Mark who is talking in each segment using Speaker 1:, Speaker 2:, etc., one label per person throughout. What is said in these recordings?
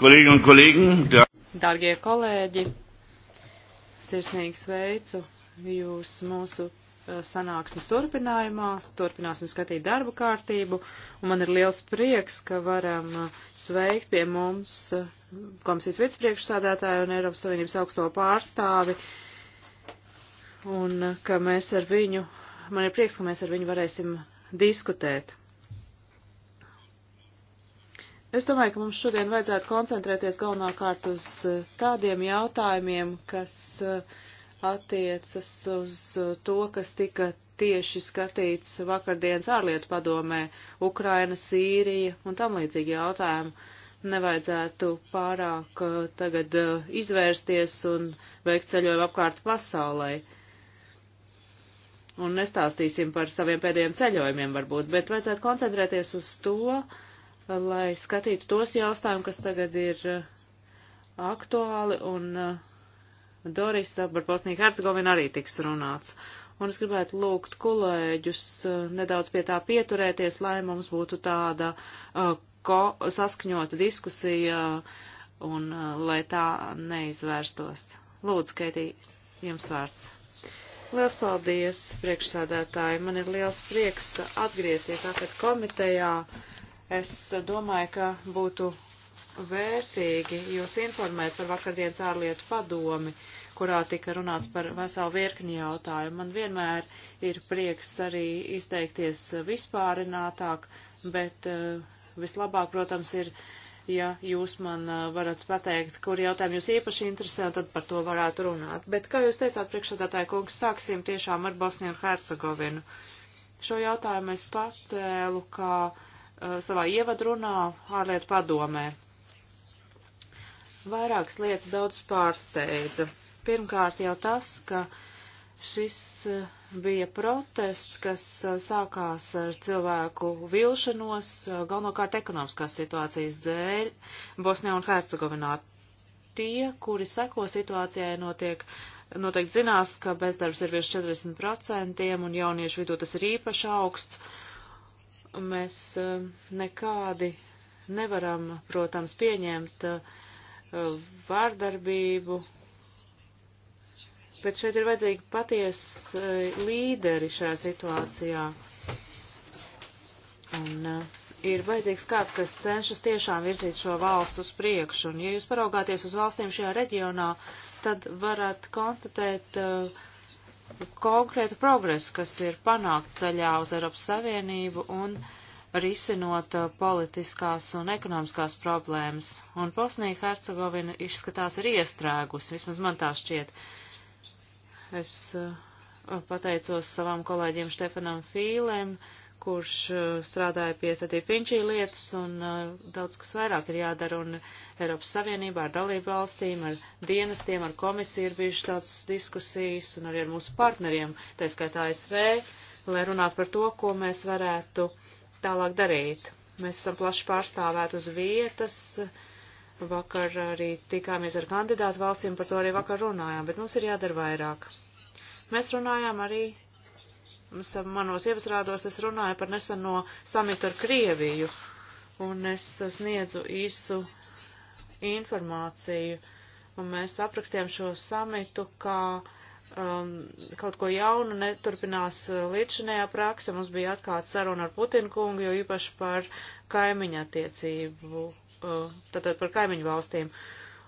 Speaker 1: Kolēģi un kolēģi.
Speaker 2: Dargie kolēģi, sirsnīgi sveicu jūs mūsu eh, sanāksmes turpinājumā. Turpināsim skatīt darba kārtību. Un man ir liels prieks, ka varam eh, sveikt pie mums eh, komisijas vicepriekšsādātāju un Eiropas Savienības augsto pārstāvi. Un ka mēs ar viņu, man ir prieks, ka mēs ar viņu varēsim diskutēt. Es domāju, ka mums šodien vajadzētu koncentrēties galvenokārt uz eh, tādiem jautājumiem, kas eh, attiecas uz eh, to, kas tika tieši skatīts vakardienas ārlietu padomē - Ukraina, Sīrija un tam līdzīgi jautājumi. Nevajadzētu pārāk tagad izvērsties un veikt ceļojumu apkārt pasaulē. Un nestāstīsim par saviem pēdējiem ceļojumiem varbūt, bet vajadzētu koncentrēties uz to, uh, lai skatītu tos jautājumus, kas tagad ir uh, aktuāli, un uh, Doris par Bosniju Hercegovinu arī tiks runāts. Un es gribētu lūgt kolēģus uh, nedaudz pie tā pieturēties, lai mums būtu tāda ko, saskaņota diskusija un lai tā neizvērstos. Lūdzu, Keitī, jums vārds. Liels paldies, priekšsādātāji. Man ir liels prieks atgriezties apet komitejā Es domāju, ka būtu vērtīgi jūs informēt par vakardienas ārlietu padomi, kurā tika runāts par veselu virkni jautājumu. Man vienmēr ir prieks arī izteikties vispārinātāk, bet eh, vislabāk, protams, ir, ja jūs man eh, varat pateikt, kur jautājumi jūs īpaši interesē, un tad par to varētu runāt. Bet, kā jūs teicāt, priekšsēdētāji kungs, sāksim tiešām ar Bosniju un Hercegovinu. Šo jautājumu es pacēlu kā. Ka Uh, savā ievadrunā ārlietu padomē. Vairākas lietas daudz pārsteidza. Pirmkārt jau tas, ka šis uh, bija protests, kas uh, sākās ar cilvēku vilšanos, galvenokārt ekonomiskās situācijas dēļ Bosnijā un Hercegovinā. Tie, kuri seko situācijai, notiek noteikti zinās, ka bezdarbs ir virs 40% un jauniešu vidū tas ir īpaši augsts. Mēs e, nekādi nevaram, protams, pieņemt e, vārdarbību, bet šeit ir vajadzīgi patiesi e, līderi šajā situācijā. Un ir vajadzīgs kāds, kas cenšas tiešām virzīt šo valstu uz priekšu. Un, ja jūs paraugāties uz valstīm šajā reģionā, tad varat konstatēt, uh, konkrētu progresu, kas ir panākts ceļā uz Eiropas Savienību un risinot uh, politiskās un ekonomiskās problēmas. Un Bosnija Hercegovina izskatās ir iestrēgus, vismaz man tā šķiet. Es uh, pateicos savam kolēģiem Štefanam Fīlēm kurš eh, strādāja pie Satī Finčī lietas, un eh, daudz kas vairāk ir jādara, un Eiropas Savienībā ar dalību valstīm, ar dienestiem, ar komisiju ir bijušas tādas diskusijas, un arī ar mūsu partneriem, tā skaitā ASV, lai runātu par to, ko mēs varētu tālāk darīt. Mēs esam plaši pārstāvēti uz vietas, vakar arī tikāmies ar kandidātu valstīm, par to arī vakar runājām, bet mums ir jādara vairāk. Mēs runājām arī Eh, manos ievasrādos es runāju par neseno samitu ar Krieviju, un es eh, sniedzu īsu informāciju, un mēs aprakstījām šo samitu kā um, kaut ko jaunu, neturpinās eh, līdzinējā praksa, mums bija atklāta saruna ar Putinu kungu, jo īpaši par kaimiņa attiecību, uh, tātad par kaimiņu valstīm,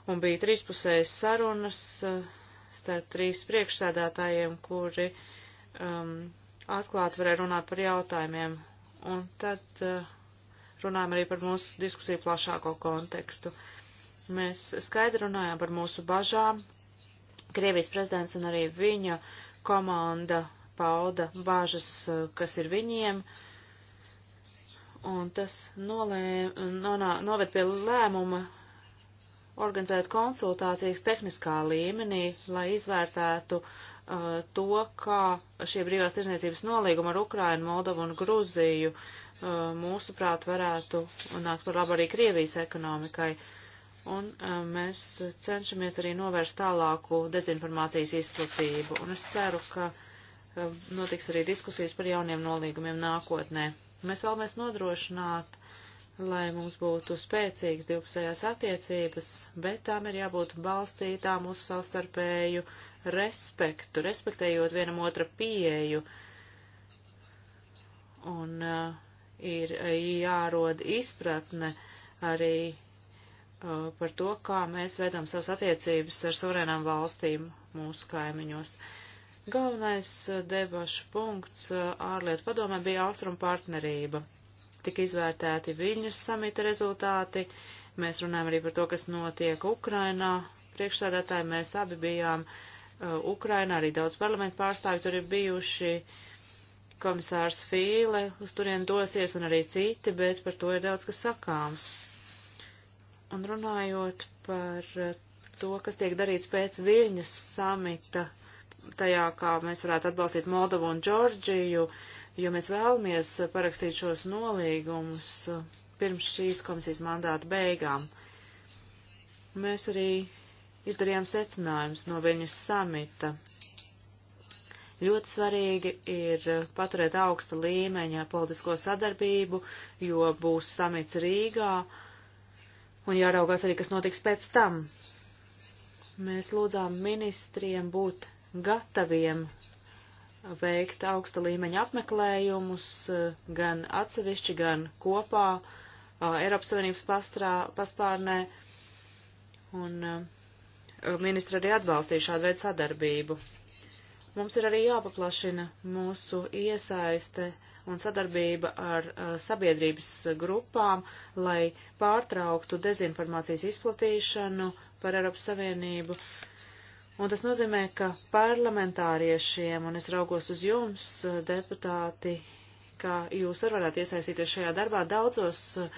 Speaker 2: un bija trīspusējas sarunas uh, starp trīs priekšsēdētājiem, kuri uh, um, atklāti varēja runāt par jautājumiem. Un tad uh, runājam arī par mūsu diskusiju plašāko kontekstu. Mēs skaidri runājām par mūsu bažām. Krievijas prezidents un arī viņa komanda pauda bāžas, uh, kas ir viņiem. Un tas nolē, nonā, noved pie lēmuma organizēt konsultācijas tehniskā līmenī, lai izvērtētu uh, Uh, to, kā šie brīvās tirzniecības nolīguma ar Ukrainu, Moldovu un Gruziju uh, mūsuprāt varētu nākt par labu arī Krievijas ekonomikai. Un uh, mēs cenšamies arī novērst tālāku dezinformācijas izplatību. Un es ceru, ka notiks arī diskusijas par jauniem nolīgumiem nākotnē. Mēs vēlamies nodrošināt lai mums būtu spēcīgas divpusējās attiecības, bet tām ir jābūt balstītām uz savstarpēju respektu, respektējot vienam otra pieeju. Un uh, ir jārod izpratne arī uh, par to, kā mēs veidām savas attiecības ar suverēnām valstīm mūsu kaimiņos. Galvenais uh, debašu punkts uh, ārlietu padomē bija austrumu partnerība tika izvērtēti Viļņus samita rezultāti, mēs runājam arī par to, kas notiek Ukrainā. Priekšsādātāji mēs abi bijām uh, Ukrainā, arī daudz parlamentu pārstāvju tur ir bijuši, komisārs Fīle uz turien dosies un arī citi, bet par to ir daudz kas sakāms. Un runājot par uh, to, kas tiek darīts pēc Viļņas samita, tajā, kā mēs varētu atbalstīt Moldovu un Džordžiju, uh, jo mēs vēlamies parakstīt šos nolīgumus pirms šīs komisijas mandāta beigām. Mēs arī izdarījām secinājumus no viņas samita. Ļoti svarīgi ir paturēt augsta līmeņa politisko sadarbību, jo būs samits Rīgā un jāraugās arī, kas notiks pēc tam. Mēs lūdzām ministriem būt gataviem veikt augsta līmeņa apmeklējumus eh, gan atsevišķi, gan kopā eh, Eiropas Savienības pastrā, paspārnē. Un eh, ministra arī atbalstīja šādu veidu sadarbību. Mums ir arī jāpaplašina mūsu iesaiste un sadarbība ar sabiedrības grupām, lai pārtrauktu dezinformācijas izplatīšanu par Eiropas Savienību. Uh, Un tas nozīmē, ka parlamentāriešiem, un es raugos uz jums, deputāti, ka jūs arī varētu iesaistīties šajā darbā daudzos eh,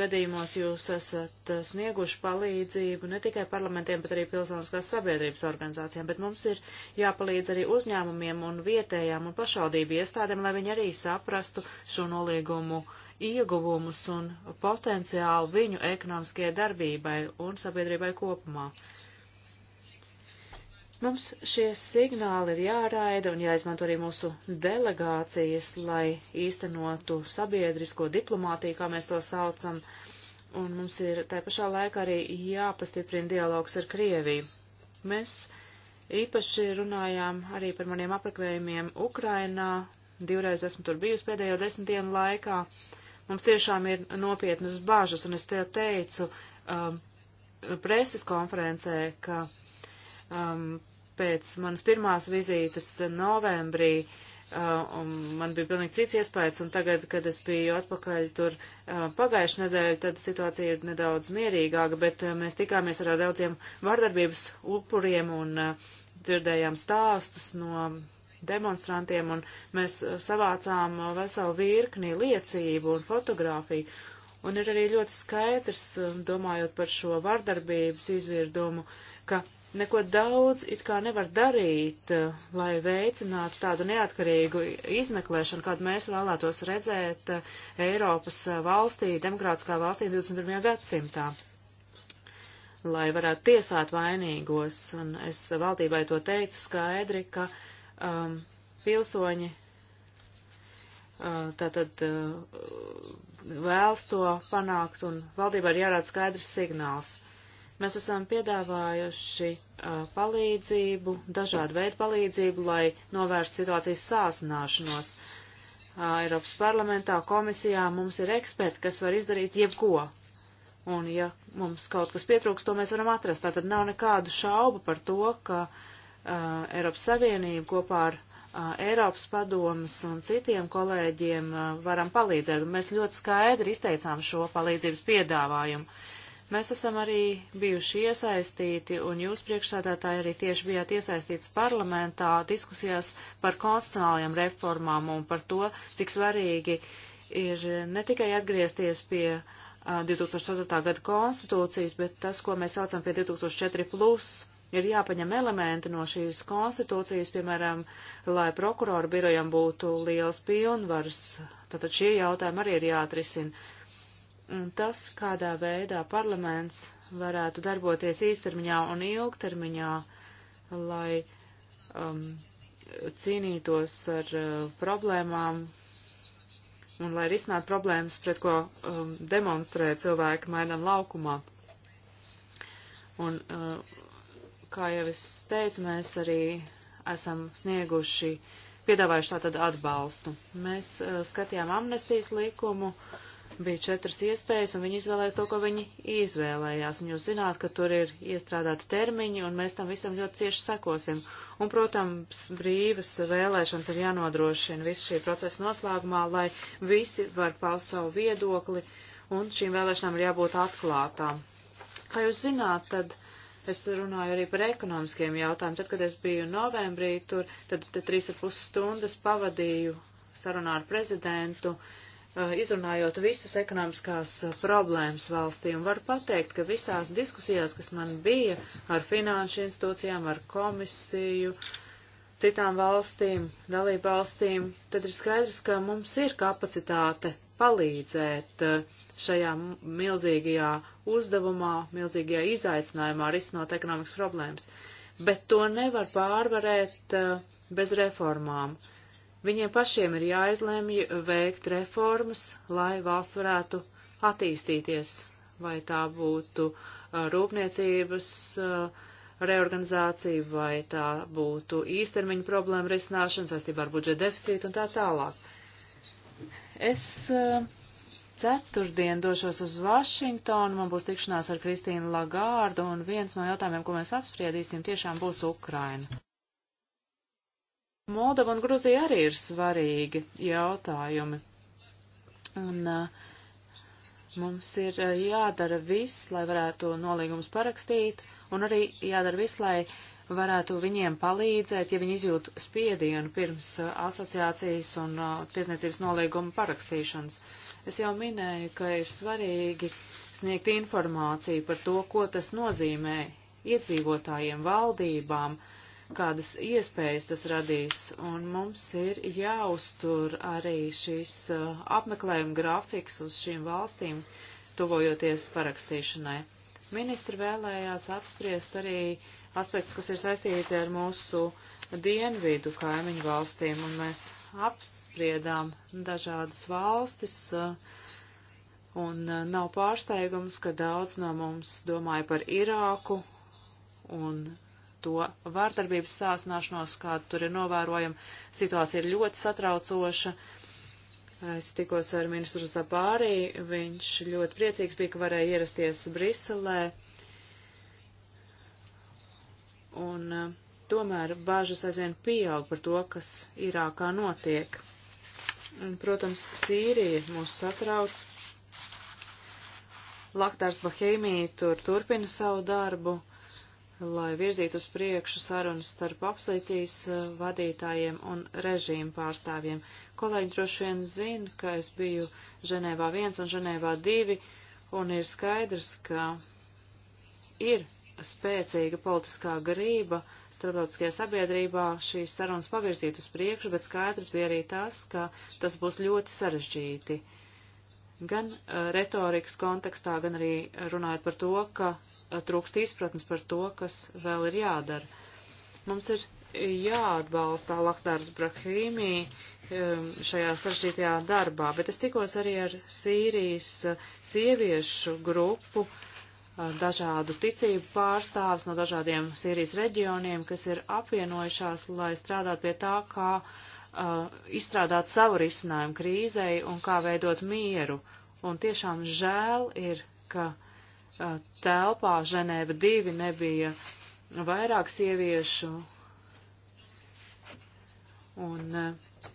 Speaker 2: gadījumos jūs esat eh, snieguši palīdzību ne tikai parlamentiem, bet arī pilsoniskās sabiedrības organizācijām, bet mums ir jāpalīdz arī uzņēmumiem un vietējām un pašvaldību iestādēm, lai viņi arī saprastu šo noliegumu ieguvumus un potenciālu viņu ekonomiskajai darbībai un sabiedrībai kopumā. Mums šie signāli ir jāraida un jāizmanto arī mūsu delegācijas, lai īstenotu sabiedrisko diplomātiju, kā mēs to saucam, un mums ir tā pašā laikā arī jāpastiprina dialogs ar Krieviju. Mēs īpaši runājām arī par maniem apmeklējumiem Ukrainā, divreiz esmu tur bijusi pēdējo desmit dienu laikā. Mums tiešām ir nopietnas bažas, un es te teicu um, preses konferencē, ka um, pēc manas pirmās vizītes novembrī uh, man bija pilnīgi cits iespējas, un tagad, kad es biju atpakaļ tur uh, pagājušajā nedēļā, tad situācija ir nedaudz mierīgāka, bet uh, mēs tikāmies ar daudziem vardarbības upuriem un uh, dzirdējām stāstus no demonstrantiem, un mēs uh, savācām uh, veselu virkni liecību un fotografiju. Un ir arī ļoti skaidrs, um, domājot par šo vardarbības izvirdumu, uh, ka neko daudz it kā nevar darīt, eh, lai veicinātu tādu neatkarīgu izmeklēšanu, kādu mēs vēlētos redzēt eh, Eiropas eh, valstī, demokrātiskā valstī 21. gadsimtā, lai varētu tiesāt vainīgos. Un es valdībai to teicu skaidri, ka um, pilsoņi uh, tātad uh, vēlas to panākt, un valdībai ir jārāda skaidrs signāls. Uh, Mēs esam piedāvājuši uh, palīdzību, dažādu veidu palīdzību, lai novērstu situācijas sāsināšanos. Uh, Eiropas parlamentā, komisijā mums ir eksperti, kas var izdarīt jebko. Un ja mums kaut kas pietrūks, to mēs varam atrast. Tātad nav nekādu šaubu par to, ka uh, Eiropas Savienība kopā ar Eiropas padomas un citiem kolēģiem varam palīdzēt. Mēs ļoti skaidri izteicām šo palīdzības piedāvājumu. Mēs esam arī bijuši iesaistīti, un jūs priekšsādātāji arī tieši bijāt iesaistīts parlamentā diskusijās par konstitucionālajām reformām un par to, cik svarīgi ir ne tikai atgriezties pie 2004. gada konstitūcijas, bet tas, ko mēs saucam pie 2004. Plus, ir jāpaņem elementi no šīs konstitūcijas, piemēram, lai prokuroru birojam būtu liels pilnvars. Tātad šie jautājumi arī ir jāatrisina tas, kādā veidā parlaments varētu darboties īstermiņā un ilgtermiņā, lai um, cīnītos ar uh, problēmām un lai risinātu problēmas, pret ko um, demonstrē cilvēki maidan laukumā. Un, uh, kā jau es teicu, mēs arī esam snieguši, piedāvājuši tātad atbalstu. Mēs uh, skatījām amnestijas likumu. Uh, bija četras iespējas, un viņi izvēlējās to, ko viņi izvēlējās. Un jūs zināt, ka tur ir iestrādāti termiņi, un mēs tam visam ļoti cieši sekosim. Un, protams, brīvas vēlēšanas ir jānodrošina visu šī procesa noslēgumā, lai visi var paust savu viedokli, un šīm vēlēšanām ir jābūt atklātām. Kā jūs zināt, tad. Es runāju arī par ekonomiskiem jautājumiem. Tad, kad es biju novembrī tur, tad, tad trīs ar pus stundas pavadīju sarunā ar prezidentu, uh, Eh, izrunājot visas ekonomiskās eh, problēmas valstī, un varu pateikt, ka visās diskusijās, kas man bija ar finanšu institūcijām, ar komisiju, citām valstīm, dalību valstīm, tad ir skaidrs, ka mums ir kapacitāte palīdzēt eh, šajā milzīgajā uzdevumā, milzīgajā izaicinājumā risinot ekonomikas problēmas. Bet to nevar pārvarēt bez reformām. Viņiem pašiem ir jāizlemj veikt reformas, lai valsts varētu attīstīties, vai tā būtu uh, rūpniecības uh, reorganizācija, vai tā būtu īstermiņa problēma risināšana saistībā ar budžeta deficītu un tā tālāk. Es uh, ceturtdien došos uz Vašingtonu, man būs tikšanās ar Kristīnu Lagārdu, un viens no jautājumiem, ko mēs apspriedīsim, tiešām būs Ukraina. Moldova un Gruzija arī ir svarīgi jautājumi. Un uh, mums ir uh, jādara viss, lai varētu nolīgumus parakstīt, un arī jādara viss, lai varētu viņiem palīdzēt, ja viņi izjūt spiedienu pirms uh, asociācijas un uh, tiesniecības nolīguma parakstīšanas. Es jau minēju, ka ir svarīgi sniegt informāciju par to, ko tas nozīmē iedzīvotājiem, valdībām, uh, kādas iespējas tas radīs, un mums ir jāuztur arī šīs uh, apmeklējuma grafiks uz šīm valstīm, tuvojoties parakstīšanai. Ministri vēlējās apspriest arī aspektus, kas ir saistīti ar mūsu dienvidu kaimiņu valstīm, un mēs apspriedām dažādas valstis, uh, un uh, nav pārsteigums, ka daudz no mums domāja par Irāku un to vārdarbības sāsināšanos, kāda tur ir novērojama. Situācija ir ļoti satraucoša. Es tikos ar ministru Zabārī, viņš ļoti priecīgs bija, ka varēja ierasties Briselē. Un eh, tomēr bāžas aizvien pieaug par to, kas Irākā notiek. Un, protams, Sīrija mūs satrauc. Laktārs Bahēmī tur turpina savu darbu lai virzītu uz priekšu sarunas starp opozīcijas eh, vadītājiem un režīmu pārstāvjiem. Kolēģi droši vien zina, ka es biju Ženēvā 1 un Ženēvā 2, un ir skaidrs, ka ir spēcīga politiskā grība starptautiskajā sabiedrībā šīs sarunas pavirzīt uz priekšu, bet skaidrs bija arī tas, ka tas būs ļoti sarežģīti. Gan uh, retorikas kontekstā, gan arī runājot par to, ka trūkst izpratnes par to, kas vēl ir jādara. Mums ir jāatbalsta Lakdārs Brahīmī um, šajā sarežģītajā darbā, bet es tikos arī ar Sīrijas uh, sieviešu grupu uh, dažādu ticību pārstāvis no dažādiem Sīrijas reģioniem, kas ir apvienojušās, lai strādātu pie tā, kā uh, izstrādāt savu risinājumu krīzei un kā veidot mieru. Un tiešām žēl ir, ka uh, telpā Ženēva 2 nebija vairāk sieviešu. Un eh,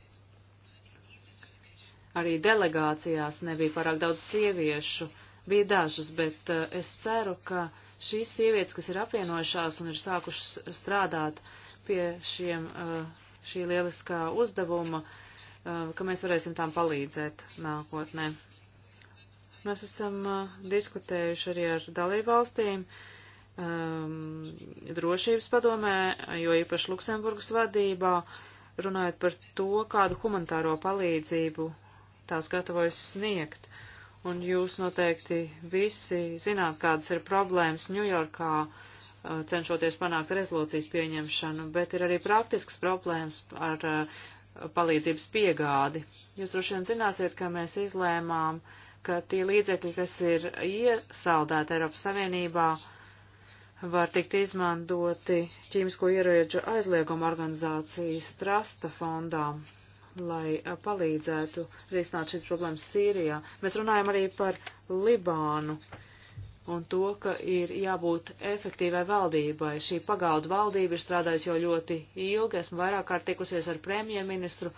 Speaker 2: arī delegācijās nebija pārāk daudz sieviešu. Bija dažas, bet eh, es ceru, ka šīs sievietes, kas ir apvienojušās un ir sākušas strādāt pie šiem, eh, šī lieliskā uzdevuma, ka mēs varēsim tām palīdzēt nākotnē. Mēs esam uh, diskutējuši arī ar dalībvalstīm um, drošības padomē, jo īpaši Luksemburgas vadībā, runājot par to, kādu humanitāro palīdzību tās gatavojas sniegt. Un jūs noteikti visi zināt, kādas ir problēmas Ņujorkā, uh, cenšoties panākt rezolūcijas pieņemšanu, bet ir arī praktisks problēmas ar uh, palīdzības piegādi. Jūs droši vien zināsiet, ka mēs izlēmām uh, ka tie līdzekļi, kas ir iesaldēti Eiropas Savienībā, var tikt izmantoti ķīmisko ieroģu aizlieguma organizācijas trasta fondām, lai palīdzētu risināt šīs problēmas Sīrijā. Mēs runājam arī par Libānu un to, ka ir jābūt efektīvai valdībai. Šī pagaudu valdība ir strādājusi jau ļoti ilgi, esmu vairāk kārt tikusies ar premjerministru,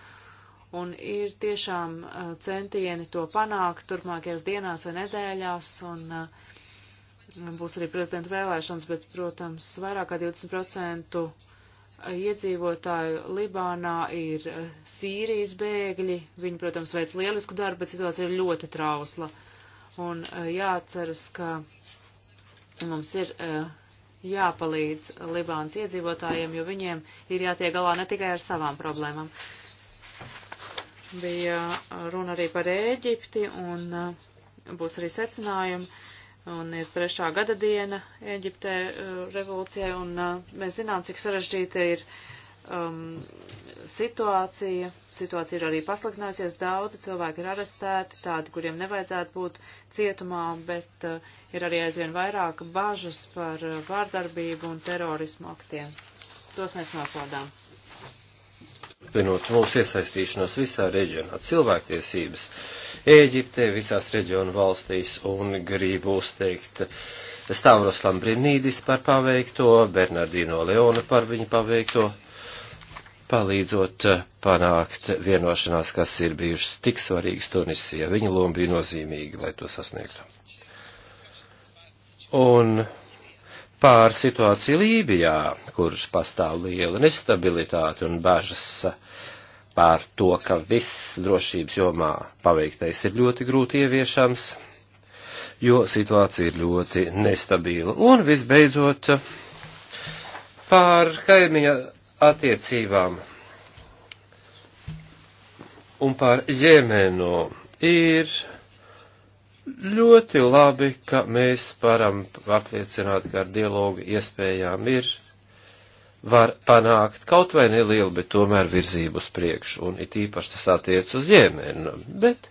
Speaker 2: un ir tiešām eh, centieni to panākt turpmākajās dienās vai nedēļās, un eh, būs arī prezidenta vēlēšanas, bet, protams, vairāk kā 20% eh, iedzīvotāju Libānā ir Sīrijas bēgļi. Viņi, protams, veic lielisku darbu, bet situācija ir ļoti trausla. Un jāceras, ka mums ir jāpalīdz Libānas iedzīvotājiem, jo viņiem ir jātiek galā ne tikai ar savām problēmām. Bija runa arī par Ēģipti un uh, būs arī secinājumi. Un ir trešā gada diena Ēģiptē uh, revolūcijai, un uh, mēs zinām, cik sarežģīta ir um, situācija. Situācija ir arī pasliktinājusies. Daudzi cilvēki ir arestēti, tādi, kuriem nevajadzētu būt cietumā, bet uh, ir arī aizvien vairāk bažas par uh, vārdarbību un terorismu aktiem. Tos mēs nosodām
Speaker 3: turpinot mūsu iesaistīšanos visā reģionā, cilvēktiesības Ēģiptē, visās reģionu valstīs un gribu uzteikt Stavros Lambrinīdis par paveikto, Bernardino Leona par viņu paveikto, palīdzot panākt vienošanās, kas ir bijušas tik svarīgas Tunisijā. Viņa loma bija nozīmīga, lai to sasniegtu. Un pār situāciju Lībijā, kurš pastāv liela nestabilitāte un bažas pār to, ka viss drošības jomā paveiktais ir ļoti grūti ieviešams, jo situācija ir ļoti nestabila. Un visbeidzot, pār kaimiņa attiecībām un pār Jēmēnu ir Ļoti labi, ka mēs varam apliecināt, ka ar dialogu iespējām ir, var panākt kaut vai nelielu, bet tomēr virzību uz priekšu, un it īpaši tas attiec uz Jēmenu. Bet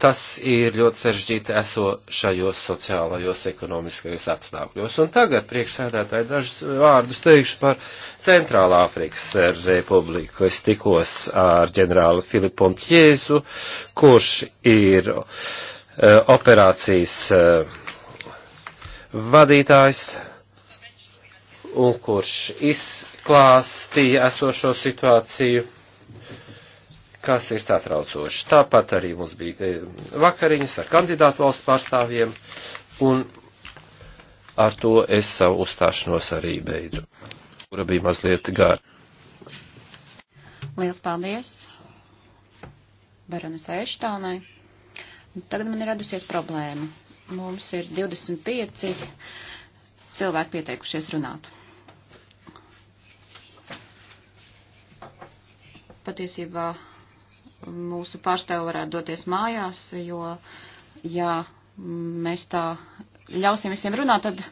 Speaker 3: tas ir ļoti sarežģīti esošajos sociālajos, ekonomiskajos apstākļos. Un tagad priekšsēdētāji dažus vārdus teikšu par Centrālā Afrikas Republiku. Es tikos ar ģenerāli Filipu Ontjēzu, kurš ir uh, operācijas uh, vadītājs un kurš izklāstīja esošo situāciju kas ir satraucoši. Tāpat arī mums bija eh, vakariņas ar kandidātu valstu pārstāvjiem, un ar to es savu uzstāšanos arī beidzu, kura bija mazliet gara.
Speaker 1: Liels paldies Baronas Eštānai. Tagad man ir radusies problēma. Mums ir 25 cilvēki pieteikušies runāt. Patiesībā mūsu pārstāvi varētu doties mājās, jo, ja mēs tā ļausim visiem runāt, tad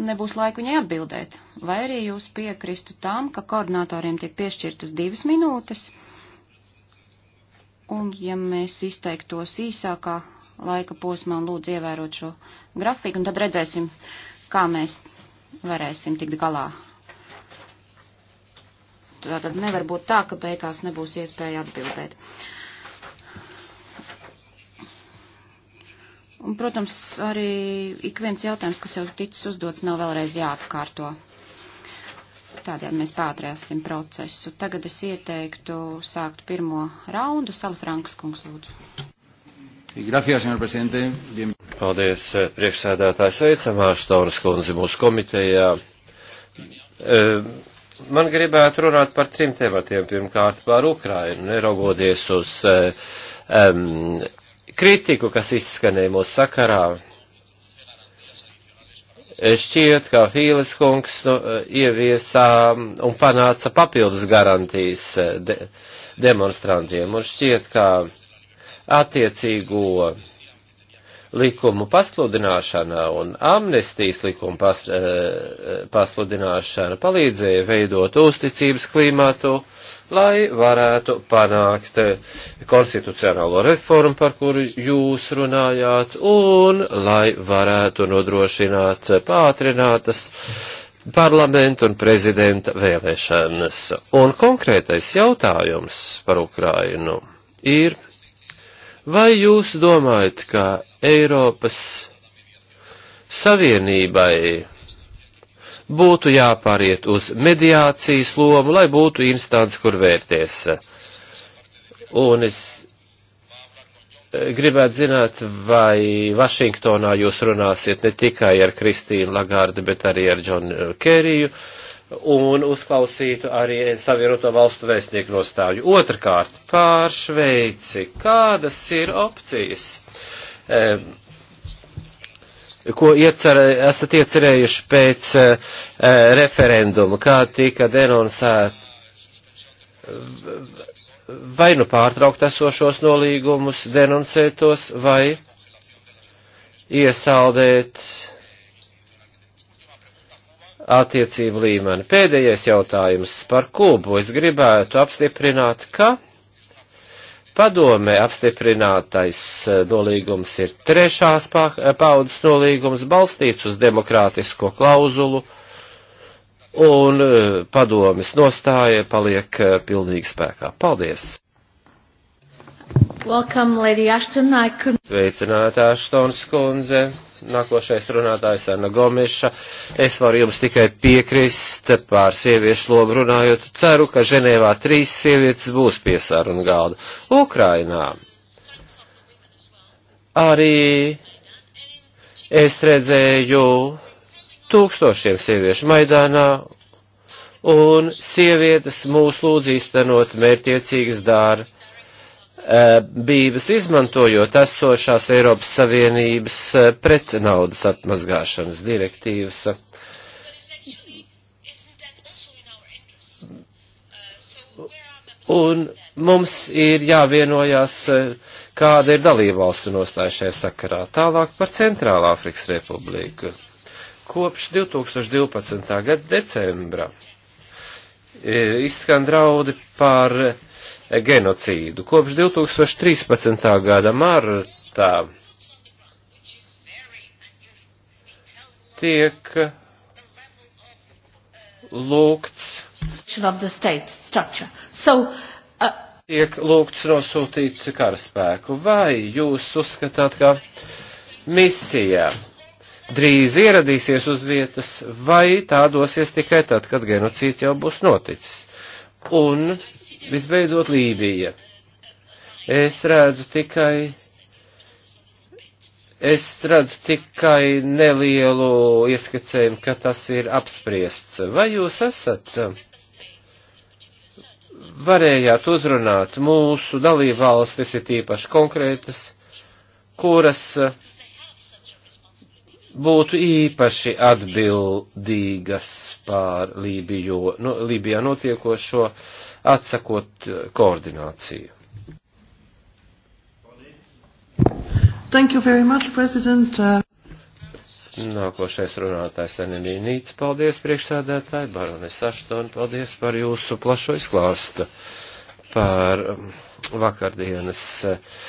Speaker 1: nebūs laiku viņai atbildēt. Vai arī jūs piekristu tam, ka koordinatoriem tiek piešķirtas divas minūtes, un ja mēs izteiktos īsākā laika posmā, lūdzu ievērot šo grafiku, un tad redzēsim, kā mēs varēsim tikt galā Tātad nevar būt tā, ka beigās nebūs iespēja atbildēt. Un, protams, arī ik viens jautājums, kas jau ticis uzdots, nav vēlreiz jāatkārto. Tādēļ mēs pātrēsim procesu. Tagad es ieteiktu sākt pirmo raundu. Salafrankas kungs, lūdzu.
Speaker 3: Gracias, señor presidente. Bien. Paldies, eh, priekšsēdētājs. Sveicam, Ārstauras kundzi mūsu komitejā. Eh, Man gribētu runāt par trim tematiem. Pirmkārt, par Ukrainu, neraugoties uz um, kritiku, kas izskanēja mūsu sakarā. Šķiet, ka Fīles kungs nu, eh, ieviesā un panāca papildus garantijas eh, de demonstrantiem, un šķiet, ka attiecīgo likumu pasludināšana un amnestijas likuma pas, eh, pasludināšana palīdzēja veidot uzticības klimatu, lai varētu panākt konstitucionālo reformu, par kuru jūs runājāt, un lai varētu nodrošināt pātrinātas parlamentu un prezidenta vēlēšanas. Un konkrētais jautājums par Ukrainu ir Vai jūs domājat, ka Eiropas Savienībai būtu jāpāriet uz mediācijas lomu, lai būtu instants, kur vērties? Un es eh, gribētu zināt, vai Vašingtonā jūs runāsiet ne tikai ar Kristīnu Lagardi, bet arī ar Džonu Kēriju. Uh, un uzklausītu arī Savienoto valstu vēstnieku nostāju. Otrakārt, pār Šveici, kādas ir opcijas, e, ko iecer, esat iecerējuši pēc e, e referenduma, kā tika denonsēta vai nu pārtraukt esošos nolīgumus, denoncētos, vai iesaldēt attiecību līmeni. Pēdējais jautājums par Kubu. Es gribētu apstiprināt, ka padomē apstiprinātais eh, nolīgums ir trešās eh, paudzes nolīgums, balstīts uz demokrātisko klauzulu, un eh, padomes nostāja paliek pilnīgi spēkā. Paldies!
Speaker 1: Welcome, Lady Ashton. I couldn't...
Speaker 3: Sveicinātā Aštons kundze. Nākošais runātājs Anna Gomeša. Es varu jums tikai piekrist pār sieviešu lobu runājot. Ceru, ka Ženēvā trīs sievietes būs piesāruna galda. Ukrainā. Arī es redzēju tūkstošiem sieviešu Maidānā un sievietes mūs lūdz īstenot mērķiecīgas dārba Eh, bības izmantojot esošās Eiropas Savienības eh, pretnaudas atmazgāšanas direktīvas. Un mums ir jāvienojās, eh, kāda ir dalībvalstu nostāja šajā sakarā. Tālāk par Centrālā Afrikas Republiku. Kopš 2012. gada decembra izskan draudi par genocīdu. Kopš 2013. gada martā tiek lūgts.
Speaker 1: So, uh,
Speaker 3: tiek lūgts nosūtīt karaspēku. Vai jūs uzskatāt, ka misija drīz ieradīsies uz vietas, vai tā dosies tikai tad, kad genocīds jau būs noticis? Un Visbeidzot, Lībija. Es redzu tikai Es redzu tikai nelielu ieskicējumu, ka tas ir apspriests. Vai jūs esat varējāt uzrunāt mūsu dalībvalstis, ir tīpaši konkrētas, kuras būtu īpaši atbildīgas pār Lībiju, no, nu, Lībijā notiekošo? Uh, atsakot eh, koordināciju. Thank you very much, President. Uh, Nākošais runātājs Enemī Nīts, paldies priekšsādētāji, Baronis Aštoni, paldies par jūsu plašo izklāstu par um, vakardienas eh,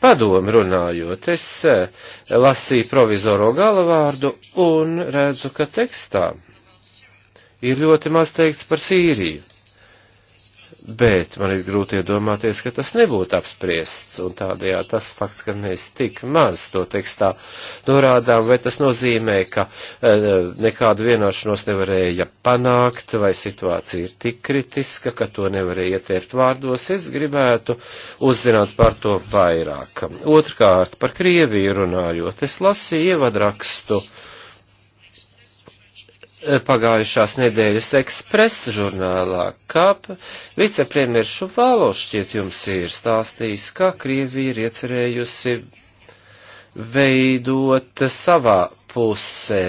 Speaker 3: padomu runājot. Es eh, lasīju provizoro galavārdu un redzu, ka tekstā ir ļoti maz teikts par Sīriju bet man ir grūti iedomāties, ka tas nebūtu apspriests, un tādējā tas fakts, ka mēs tik maz to tekstā norādām, vai tas nozīmē, ka e, nekādu vienošanos nevarēja panākt, vai situācija ir tik kritiska, ka to nevarēja ietērpt vārdos, es gribētu uzzināt par to vairāk. Otrkārt, par Krieviju runājot, es lasīju ievadrakstu, uh, pagājušās nedēļas ekspresa žurnālā, ka vicepremjers Šuvalo šķiet jums ir stāstījis, ka Krievija ir iecerējusi veidot savā pusē,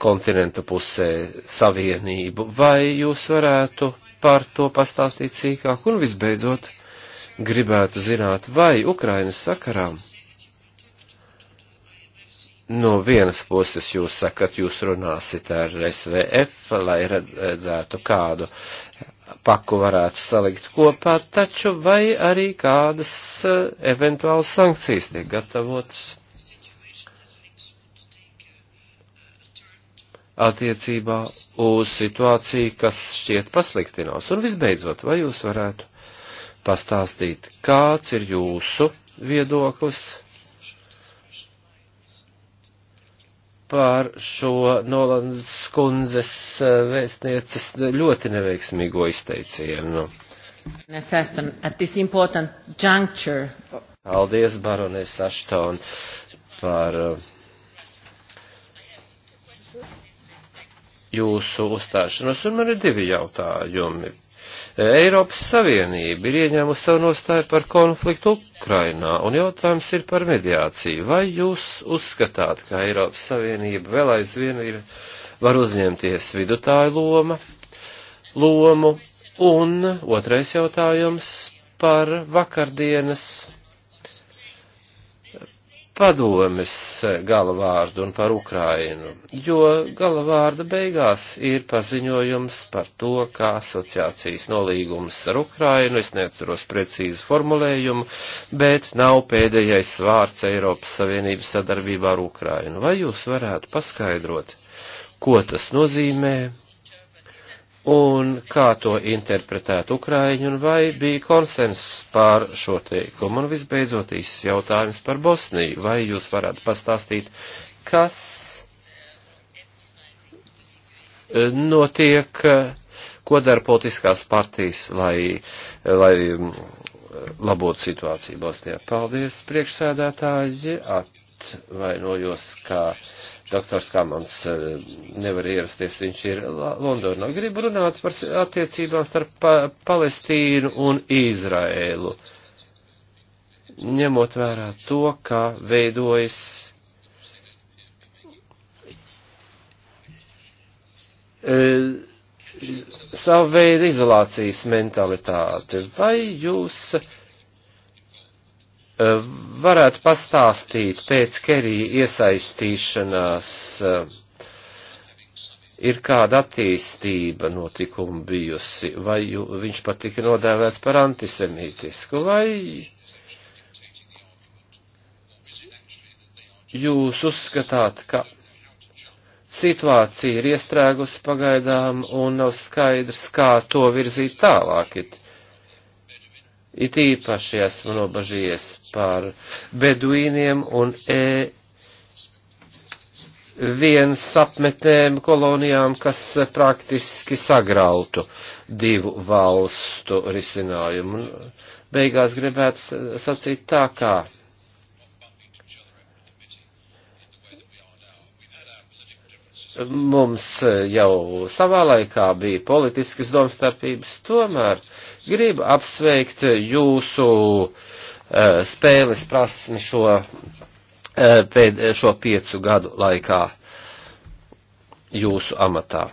Speaker 3: kontinenta pusē savienību. Vai jūs varētu par to pastāstīt sīkāk? Un visbeidzot, gribētu zināt, vai Ukrainas sakarām no vienas puses jūs sakat, jūs runāsit ar SVF, lai redzētu kādu paku varētu salikt kopā, taču vai arī kādas eh, eventuālas sankcijas tiek gatavotas attiecībā uz situāciju, kas šķiet pasliktinās. Un visbeidzot, vai jūs varētu pastāstīt, kāds ir jūsu viedoklis par šo Nolandes kundzes eh, vēstnieces ļoti neveiksmīgo izteicienu. Paldies, baronēs Ashton, par eh, jūsu uzstāšanos, un man ir divi jautājumi. Eiropas Savienība ir ieņēmusi savu nostāju par konfliktu Ukrainā, un jautājums ir par mediāciju. Vai jūs uzskatāt, ka Eiropas Savienība vēl aizvien ir, var uzņemties vidutāju loma, lomu? Un otrais jautājums par vakardienas padomes galvārdu un par Ukrainu, jo galvārda beigās ir paziņojums par to, kā asociācijas nolīgums ar Ukrainu, es neatceros precīzu formulējumu, bet nav pēdējais vārds Eiropas Savienības sadarbībā ar Ukrainu. Vai jūs varētu paskaidrot, ko tas nozīmē? un kā to interpretēt Ukraiņu, un vai bija konsensus pār šo teikumu. Un visbeidzot īsts jautājums par Bosniju. Vai jūs varētu pastāstīt, kas e, notiek, ko dara politiskās partijas, lai, lai mm, labotu situāciju Bosnijā? Paldies, priekšsēdētāji! At atvainojos, ka doktors Kamans eh, nevar ierasties, viņš ir Londonā. Gribu runāt par attiecībām starp pa Palestīnu un Izraēlu, ņemot vērā to, ka veidojas e, savu veidu izolācijas mentalitāte. Vai jūs Eh, varētu pastāstīt pēc Kerī iesaistīšanās, eh, ir kāda attīstība notikuma bijusi, vai viņš pat tika nodēvēts par antisemītisku, vai jūs uzskatāt, ka situācija ir iestrēgusi pagaidām un nav skaidrs, kā to virzīt tālāk. It īpaši esmu nobažījies par beduīniem un e viens apmetnēm kolonijām, kas praktiski sagrautu divu valstu risinājumu. Beigās gribētu sacīt tā kā. Mums jau savā laikā bija politiskas domstarpības, tomēr uh, Gribu apsveikt jūsu eh, spēles prasmi šo, eh, pēd, šo piecu gadu laikā jūsu amatā.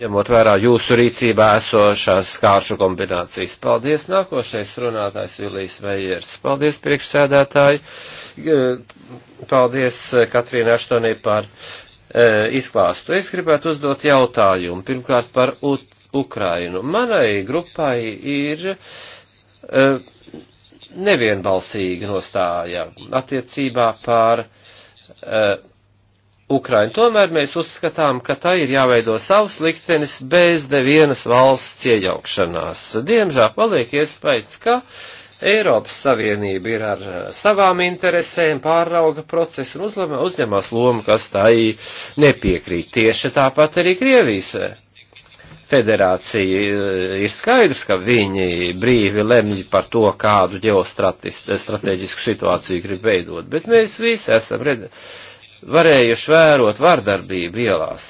Speaker 3: Ņemot vērā jūsu rīcībā esošās kāršu kombinācijas. Paldies, nākošais runātājs Vilijas Vējers. Paldies, priekšsēdētāji. Paldies Katrīna Aštonī par eh, izklāstu. Es gribētu uzdot jautājumu. Pirmkārt par UT Ukrainu. Manai grupai ir uh, nevienbalsīga nostāja attiecībā pār uh, e, Ukrainu. Tomēr mēs uzskatām, ka tā ir jāveido savs liktenis bez nevienas valsts iejaukšanās. Diemžēl paliek iespējas, ka Eiropas Savienība ir ar e, savām interesēm, pārauga procesu un uzņemās lomu, kas tai nepiekrīt. Tieši tāpat arī Krievijas federācija eh, ir skaidrs, ka viņi brīvi lemj par to, kādu ģeostrateģisku situāciju grib veidot, bet mēs visi esam red, varējuši vērot vardarbību ielās.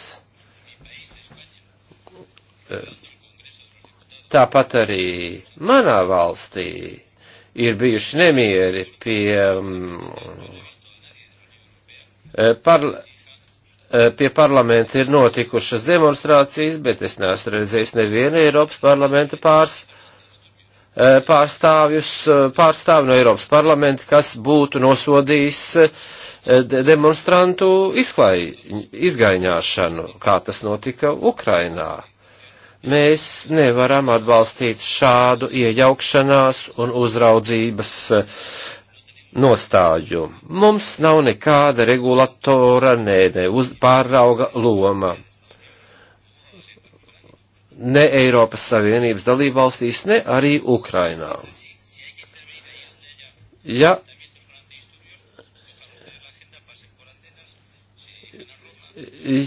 Speaker 3: Eh, tāpat arī manā valstī ir bijuši nemieri pie um, par, Eh, pie parlamenta ir notikušas demonstrācijas, bet es neesmu redzējis nevienu Eiropas parlamenta pārs, eh, pārstāvjus, eh, pārstāvju no Eiropas parlamenta, kas būtu nosodījis demonstrantu izklai, izgaiņāšanu, kā tas notika Ukrainā. Mēs nevaram atbalstīt šādu iejaukšanās un uzraudzības uh, nostāju. Mums nav nekāda regulatora, ne, ne uz pārauga loma. Ne Eiropas Savienības dalībvalstīs, ne arī Ukrainā. Ja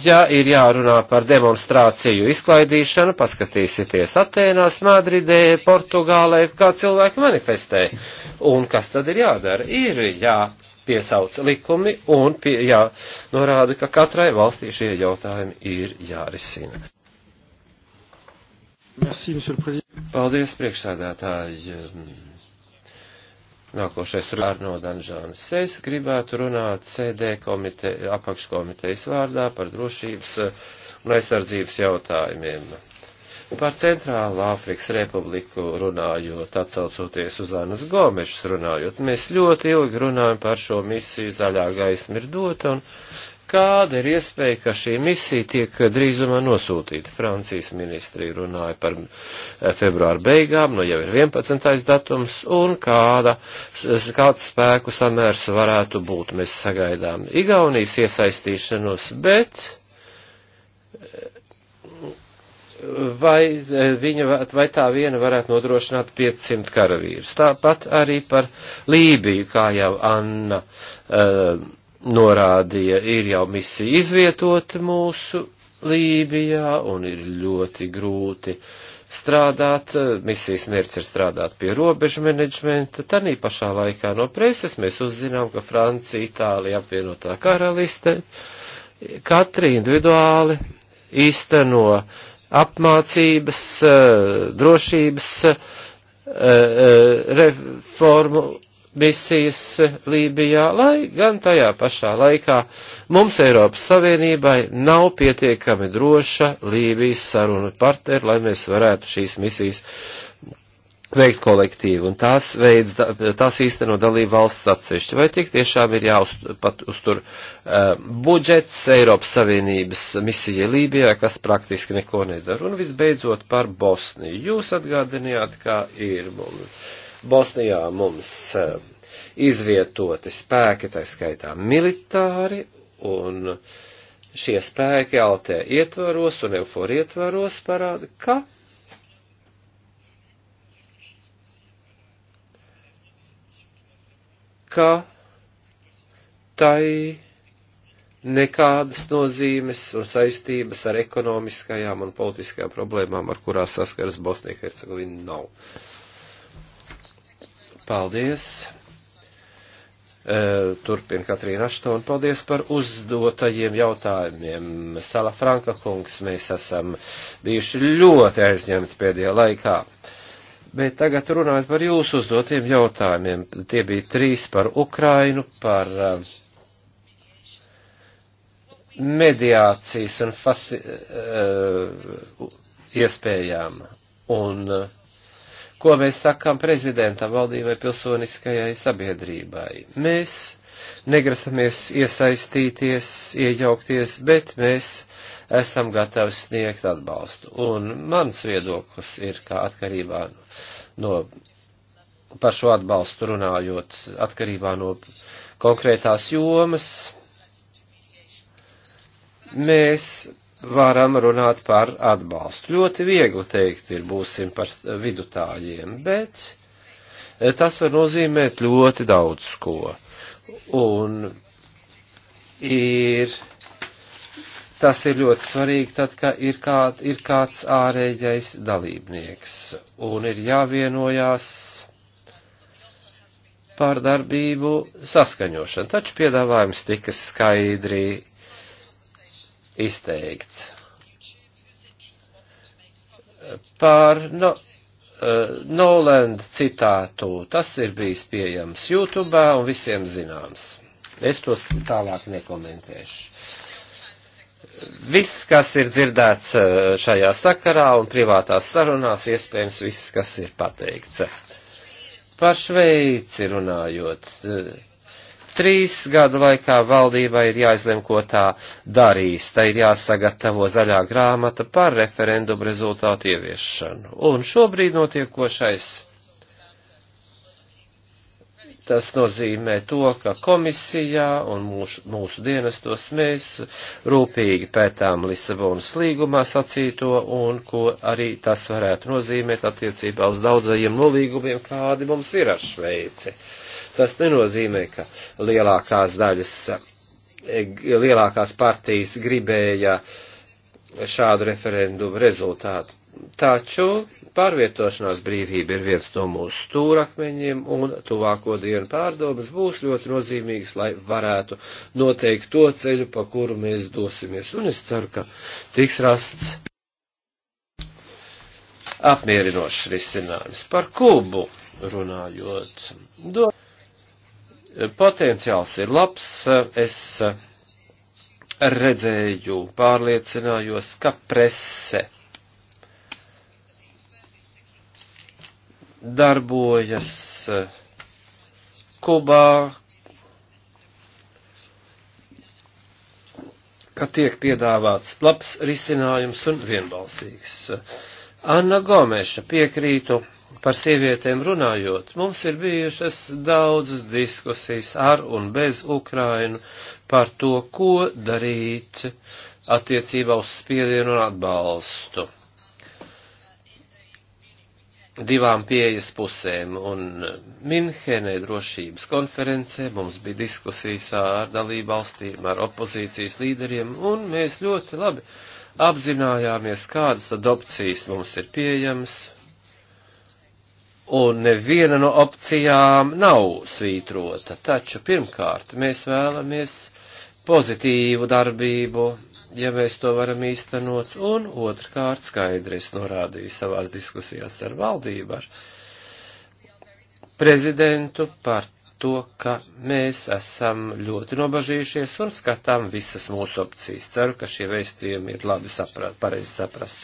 Speaker 3: ja ir jārunā par demonstrāciju izklaidīšanu, paskatīsieties Atēnās, Madridē, Portugālē, kā cilvēki manifestē. Un kas tad ir jādara? Ir jāpiesauc likumi un pie, jānorāda, ka katrai valstī šie jautājumi ir jārisina. Merci, Paldies, priekšsēdētāji. Nākošais Rārno Danžāns. Es gribētu runāt CD komite, apakškomitejas vārdā par drošības eh, un aizsardzības jautājumiem. Par Centrālu Āfrikas Republiku runājot, atsaucoties uz Anas Gomešas runājot, mēs ļoti ilgi runājam par šo misiju, zaļā gaisma ir dota, un Kāda ir iespēja, ka šī misija tiek drīzumā nosūtīta? Francijas ministri runāja par eh, februāru beigām, nu jau ir 11. datums, un kāda, kāds spēku samērs varētu būt. Mēs sagaidām Igaunijas iesaistīšanos, bet eh, vai, eh, viņa, vai tā viena varētu nodrošināt 500 karavīrus. Tāpat arī par Lībiju, kā jau Anna. Uh, norādīja, ir jau misija izvietota mūsu Lībijā un ir ļoti grūti strādāt. Misijas mērķis ir strādāt pie robežu menedžmenta. Tanī pašā laikā no preses mēs uzzinām, ka Francija, Itālija, apvienotā karaliste katri individuāli īsteno apmācības, eh, drošības eh, eh, reformu misijas Lībijā, lai gan tajā pašā laikā mums Eiropas Savienībai nav pietiekami droša Lībijas saruna partneri, lai mēs varētu šīs misijas veikt kolektīvi, un tās veids, tās īsteno dalību valsts atsevišķi. Vai tik tiešām ir jāuztur uz, uh, eh, budžets Eiropas Savienības misija Lībijā, kas praktiski neko nedara? Un visbeidzot par Bosniju. Jūs atgādinājāt, kā ir mums Bosnijā mums eh, izvietoti spēki, tā skaitā militāri, un šie spēki altē ietvaros un eufor ietvaros parāda, ka ka tai nekādas nozīmes un saistības ar ekonomiskajām un politiskajām problēmām, ar kurās saskaras Bosnija Hercegovina nav. Paldies! E, turpina Katrīna Aštona. Paldies par uzdotajiem jautājumiem. Sala Franka kungs, mēs esam bijuši ļoti aizņemti pēdējā laikā. Bet tagad runājot par jūsu uzdotiem jautājumiem. Tie bija trīs par Ukrainu, par e, mediācijas un fasi, e, iespējām. Un uh, ko mēs sakām prezidentam, valdībai, pilsoniskajai sabiedrībai. Mēs negrasamies iesaistīties, iejaukties, bet mēs esam gatavi sniegt atbalstu. Un mans viedoklis ir, kā atkarībā no, par šo atbalstu runājot, atkarībā no konkrētās jomas, mēs varam runāt par atbalstu. Ļoti viegli teikt ir būsim par vidutājiem, bet e, tas var nozīmēt ļoti daudz ko. Un ir, tas ir ļoti svarīgi tad, kad ir, kā, ir kāds ārējais dalībnieks un ir jāvienojās par darbību saskaņošanu. Taču piedāvājums tika skaidri izteikts. Par no, eh, Noland citātu tas ir bijis pieejams YouTube un visiem zināms. Es tos tālāk nekomentēšu. Viss, kas ir dzirdēts eh, šajā sakarā un privātās sarunās, iespējams, viss, kas ir pateikts. Par Šveici runājot, eh, Trīs gadu laikā valdībai ir jāizlem, ko tā darīs. Tā ir jāsagatavo zaļā grāmata par referendumu rezultātu ieviešanu. Un šobrīd notiekošais. Tas nozīmē to, ka komisijā un mūsu, mūsu dienestos mēs rūpīgi pētām Lisabonas līgumā sacīto un ko arī tas varētu nozīmēt attiecībā uz daudzajiem nolīgumiem, kādi mums ir ar Šveici. Uh, Tas nenozīmē, ka lielākās daļas, lielākās partijas gribēja šādu referendumu rezultātu. Taču pārvietošanās brīvība ir viens no mūsu stūrakmeņiem, un tuvāko dienu pārdomas būs ļoti nozīmīgas, lai varētu noteikt to ceļu, pa kuru mēs dosimies. Un es ceru, ka tiks rasts apmierinošs risinājums par kubu runājot. Do Potenciāls ir labs, es redzēju, pārliecinājos, ka prese darbojas Kubā, ka tiek piedāvāts labs risinājums un vienbalsīgs. Anna Gomeša piekrītu par sievietēm runājot, mums ir bijušas daudzas diskusijas ar un bez Ukrainu par to, ko darīt attiecībā uz spiedienu un atbalstu. Divām pieejas pusēm un Minhenē drošības konferencē mums bija diskusijas ar dalībvalstīm, ar opozīcijas līderiem, un mēs ļoti labi apzinājāmies, kādas adopcijas mums ir pieejamas, un neviena no opcijām nav svītrota. Taču pirmkārt, mēs vēlamies pozitīvu darbību, ja mēs to varam īstenot, un otrkārt skaidri es norādīju savās diskusijās ar valdību, ar prezidentu par to, ka mēs esam ļoti nobažījušies un skatām visas mūsu opcijas. Ceru, ka šie veistījumi ir labi saprat, pareizi saprast.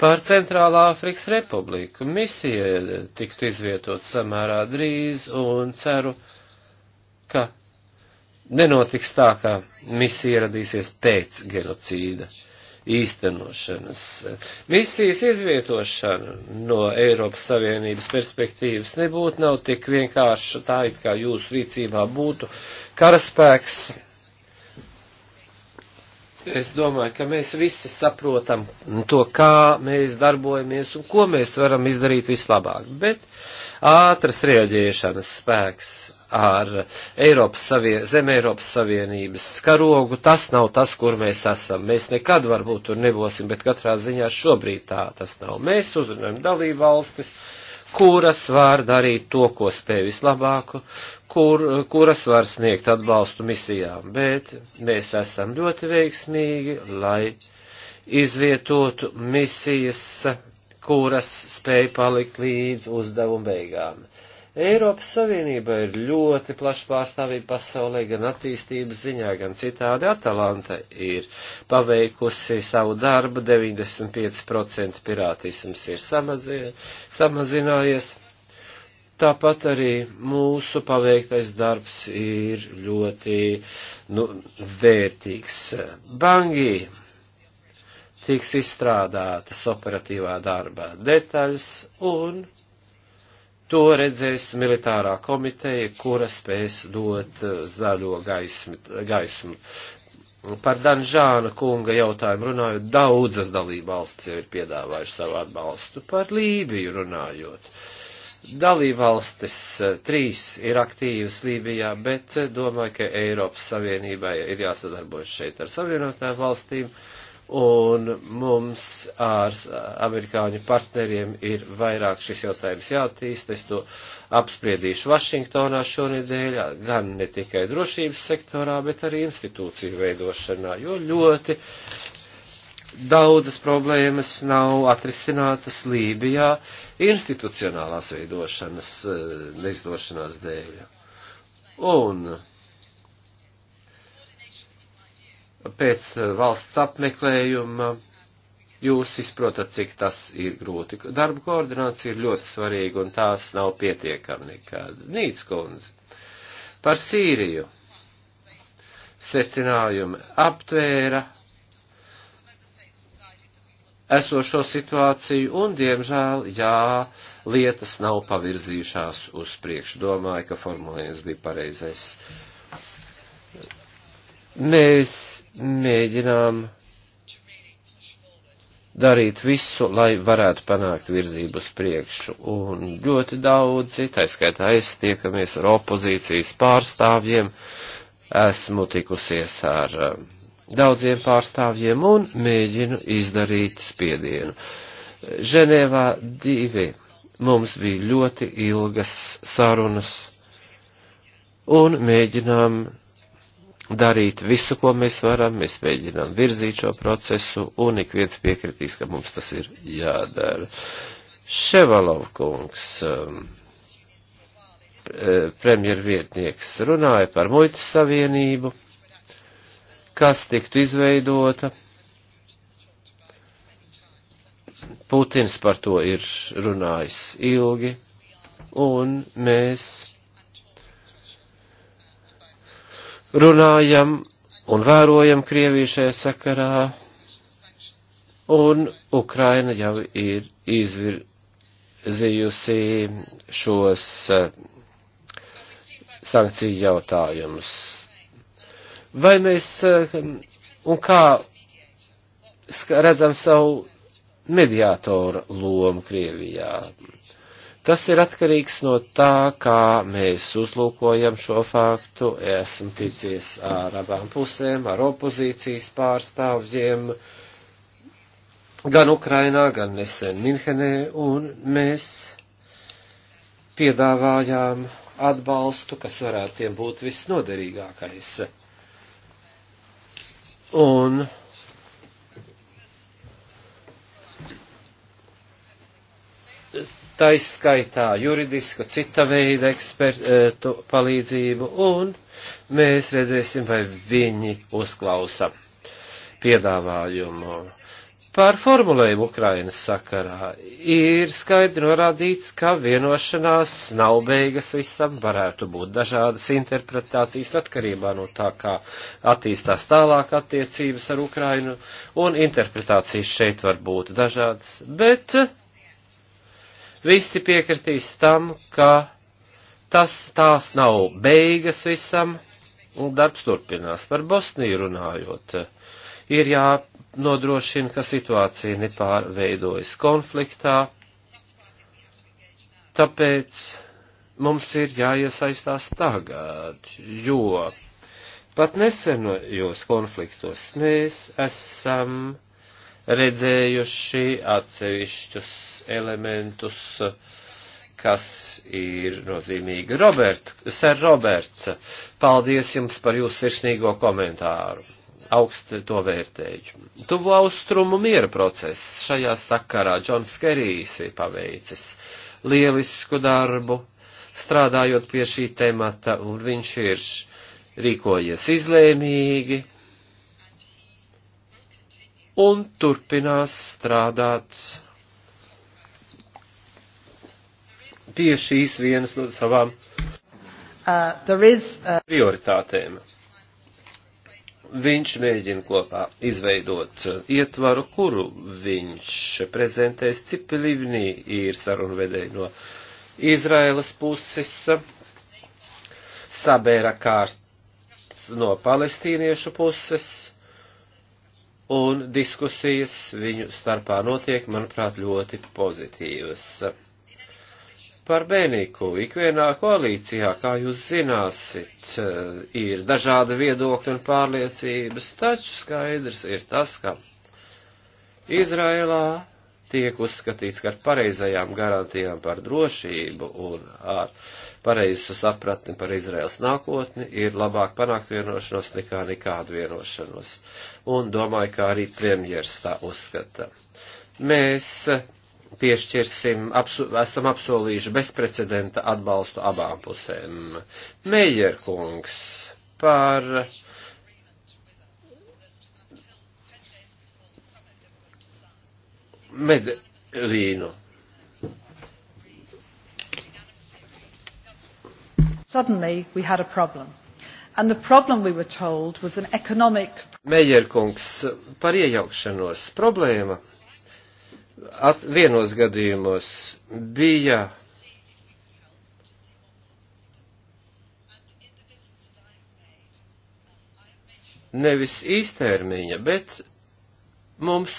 Speaker 3: Pār Centrālā Afrikas Republiku misija tiktu izvietot samērā drīz un ceru, ka nenotiks tā, ka misija ieradīsies pēc genocīda. Uh, īstenošanas. Misijas izvietošana no Eiropas Savienības perspektīvas nebūtu nav tik vienkārša, tā it kā jūsu rīcībā būtu karaspēks. Es domāju, ka mēs visi saprotam to, kā mēs darbojamies un ko mēs varam izdarīt vislabāk. Bet uh, ātras rieģēšanas spēks ar Eiropas Savien zem Eiropas Savienības karogu, tas nav tas, kur mēs esam. Mēs nekad varbūt tur nebūsim, bet katrā ziņā šobrīd tā tas nav. Mēs uzrunājam dalību valstis, kuras var darīt to, ko spēj vislabāku, kur, kuras var sniegt atbalstu misijām, bet mēs esam ļoti veiksmīgi, lai izvietotu misijas kuras spēja palikt līdz uzdevuma beigām. Eiropas Savienība ir ļoti plaša pārstāvība pasaulē, gan attīstības ziņā, gan citādi. Atalanta ir paveikusi savu darbu, 95% pirātisms ir samazi, samazinājies. Tāpat arī mūsu paveiktais darbs ir ļoti nu, vērtīgs. Bangi tiks izstrādātas operatīvā darba detaļas un to redzēs militārā komiteja, kura spēs dot eh, zaļo gaismu. gaismu. Par Danžāna kunga jautājumu runājot, daudzas dalībvalstis jau ir piedāvājuši savu atbalstu. Par Lībiju runājot. Dalībvalstis eh, trīs ir aktīvas Lībijā, bet eh, domāju, ka Eiropas Savienībai ir jāsadarbojas šeit ar savienotām valstīm. Uh, un mums ar amerikāņu partneriem ir vairāk šis jautājums jātīst. Es to apspriedīšu Vašingtonā šonedēļ, gan ne tikai drošības sektorā, bet arī institūciju veidošanā, jo ļoti daudzas problēmas nav atrisinātas Lībijā institucionālās veidošanas eh, neizdošanās dēļ. Un pēc eh, valsts apmeklējuma jūs izprotat, cik tas ir grūti. Darba koordinācija ir ļoti svarīga un tās nav pietiekama nekāda. Nīc kundze. Par Sīriju. Secinājumi aptvēra esošo situāciju un, diemžēl, jā, lietas nav pavirzījušās uz priekšu. Domāju, ka formulējums bija pareizais. Mēs mēģinām darīt visu, lai varētu panākt virzību uz priekšu. Un ļoti daudzi, taiskaitā es tiekamies ar opozīcijas pārstāvjiem, esmu tikusies ar eh, daudziem pārstāvjiem un mēģinu izdarīt spiedienu. Ženēvā divi mums bija ļoti ilgas sarunas un mēģinām darīt visu, ko mēs varam, mēs mēģinām virzīt šo procesu, un ik viens piekritīs, ka mums tas ir jādara. Ševalov kungs, um, eh, premjervietnieks, runāja par muitas savienību, kas tiktu izveidota. Putins par to ir runājis ilgi, un mēs runājam un vērojam Krieviju šajā sakarā, un Ukraina jau ir izvirzījusi šos eh, sankciju jautājumus. Vai mēs eh, un kā redzam savu mediātoru lomu Krievijā? Tas ir atkarīgs no tā, kā mēs uzlūkojam šo faktu. Esmu ticies ar abām pusēm, ar opozīcijas pārstāvjiem, gan Ukrainā, gan nesen Minhenē, un mēs piedāvājām atbalstu, kas varētu tiem būt visnoderīgākais. Un taiskaitā juridisku, cita veida ekspertu palīdzību, un mēs redzēsim, vai viņi uzklausa piedāvājumu. Par formulējumu Ukrainas sakarā ir skaidri norādīts, ka vienošanās nav beigas visam, varētu būt dažādas interpretācijas atkarībā no tā, kā attīstās tālāk attiecības ar Ukrainu, un interpretācijas šeit var būt dažādas, bet uh, Visi piekritīs tam, ka tas tās nav beigas visam, un darbs turpinās. Par Bosniju runājot, ir jānodrošina, ka situācija nepārveidojas konfliktā, tāpēc mums ir jāiesaistās tagad, jo pat nesenojos konfliktos mēs esam redzējuši atsevišķus elementus, kas ir nozīmīgi. Robert, ser Roberts, paldies jums par jūsu sirsnīgo komentāru. Augsti to vērtēju. Tuvu austrumu miera process šajā sakarā Džons Kerijs ir paveicis lielisku darbu, strādājot pie šī temata, un viņš ir rīkojies izlēmīgi, un turpinās strādāt pie šīs vienas no savām
Speaker 2: uh, is, uh...
Speaker 3: prioritātēm. Viņš mēģina kopā izveidot uh, ietvaru, kuru viņš prezentēs Cipelīvnī, ir sarunvedēji no Izraēlas puses, Sabēra kārts no palestīniešu puses, un diskusijas viņu starpā notiek, manuprāt, ļoti pozitīvas. Par Bēniku ikvienā koalīcijā, kā jūs zināsit, ir dažāda viedokļa un pārliecības, taču skaidrs ir tas, ka Izrēlā tiek uzskatīts, ka ar pareizajām garantijām par drošību un ar pareizu sapratni par Izraels nākotni ir labāk panākt vienošanos nekā nekādu vienošanos. Un domāju, kā arī premjers tā uzskata. Mēs piešķirsim, apsu, esam apsolījuši bezprecedenta atbalstu abām pusēm. Meijer kungs par Medlīnu.
Speaker 2: Suddenly we had a problem. And the problem we were told was an economic.
Speaker 3: Mejerkungs par iejaukšanos problēma at, vienos gadījumos bija nevis īstermiņa, bet Mums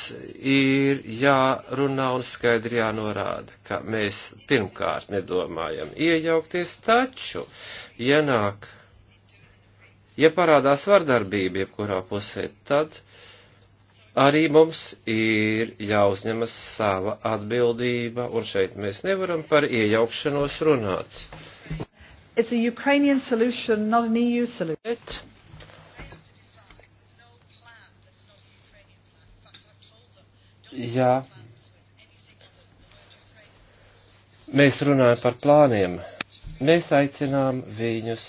Speaker 3: ir jārunā un skaidri jānorāda, ka mēs pirmkārt nedomājam iejaukties, taču, ja nāk, ja parādās vardarbība jebkurā pusē, tad arī mums ir jāuzņemas sava atbildība, un šeit mēs nevaram par iejaukšanos runāt.
Speaker 2: It's a Ukrainian solution, not an EU solution. Bet
Speaker 3: ja mēs runājam par plāniem, mēs aicinām viņus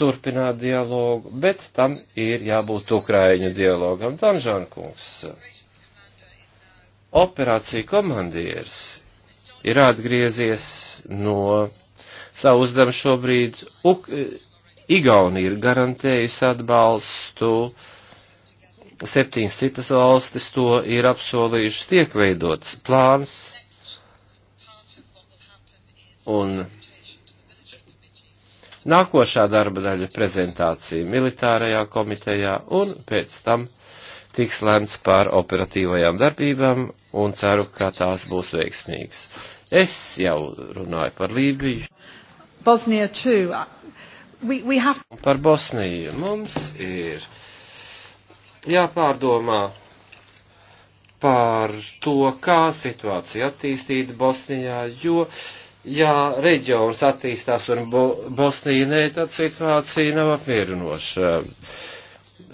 Speaker 3: turpināt dialogu, bet tam ir jābūt Ukraiņu dialogam. Danžāna kungs, operācija komandieris ir atgriezies no savu uzdevumu šobrīd. Uk Igauni ir garantējusi atbalstu uh, septiņas citas valstis to ir apsolījušas, tiek veidots plāns, un nākošā darba daļa prezentācija militārajā komitejā, un pēc tam tiks lemts par operatīvajām darbībām, un ceru, ka tās būs veiksmīgas. Es jau runāju par Lībiju.
Speaker 2: Bosnija too. We, we
Speaker 3: have... Par Bosniju mums ir jāpārdomā par to, kā situācija attīstīt Bosnijā, jo, ja reģions attīstās un Bo Bosnija nē, tad situācija nav apmierinoša.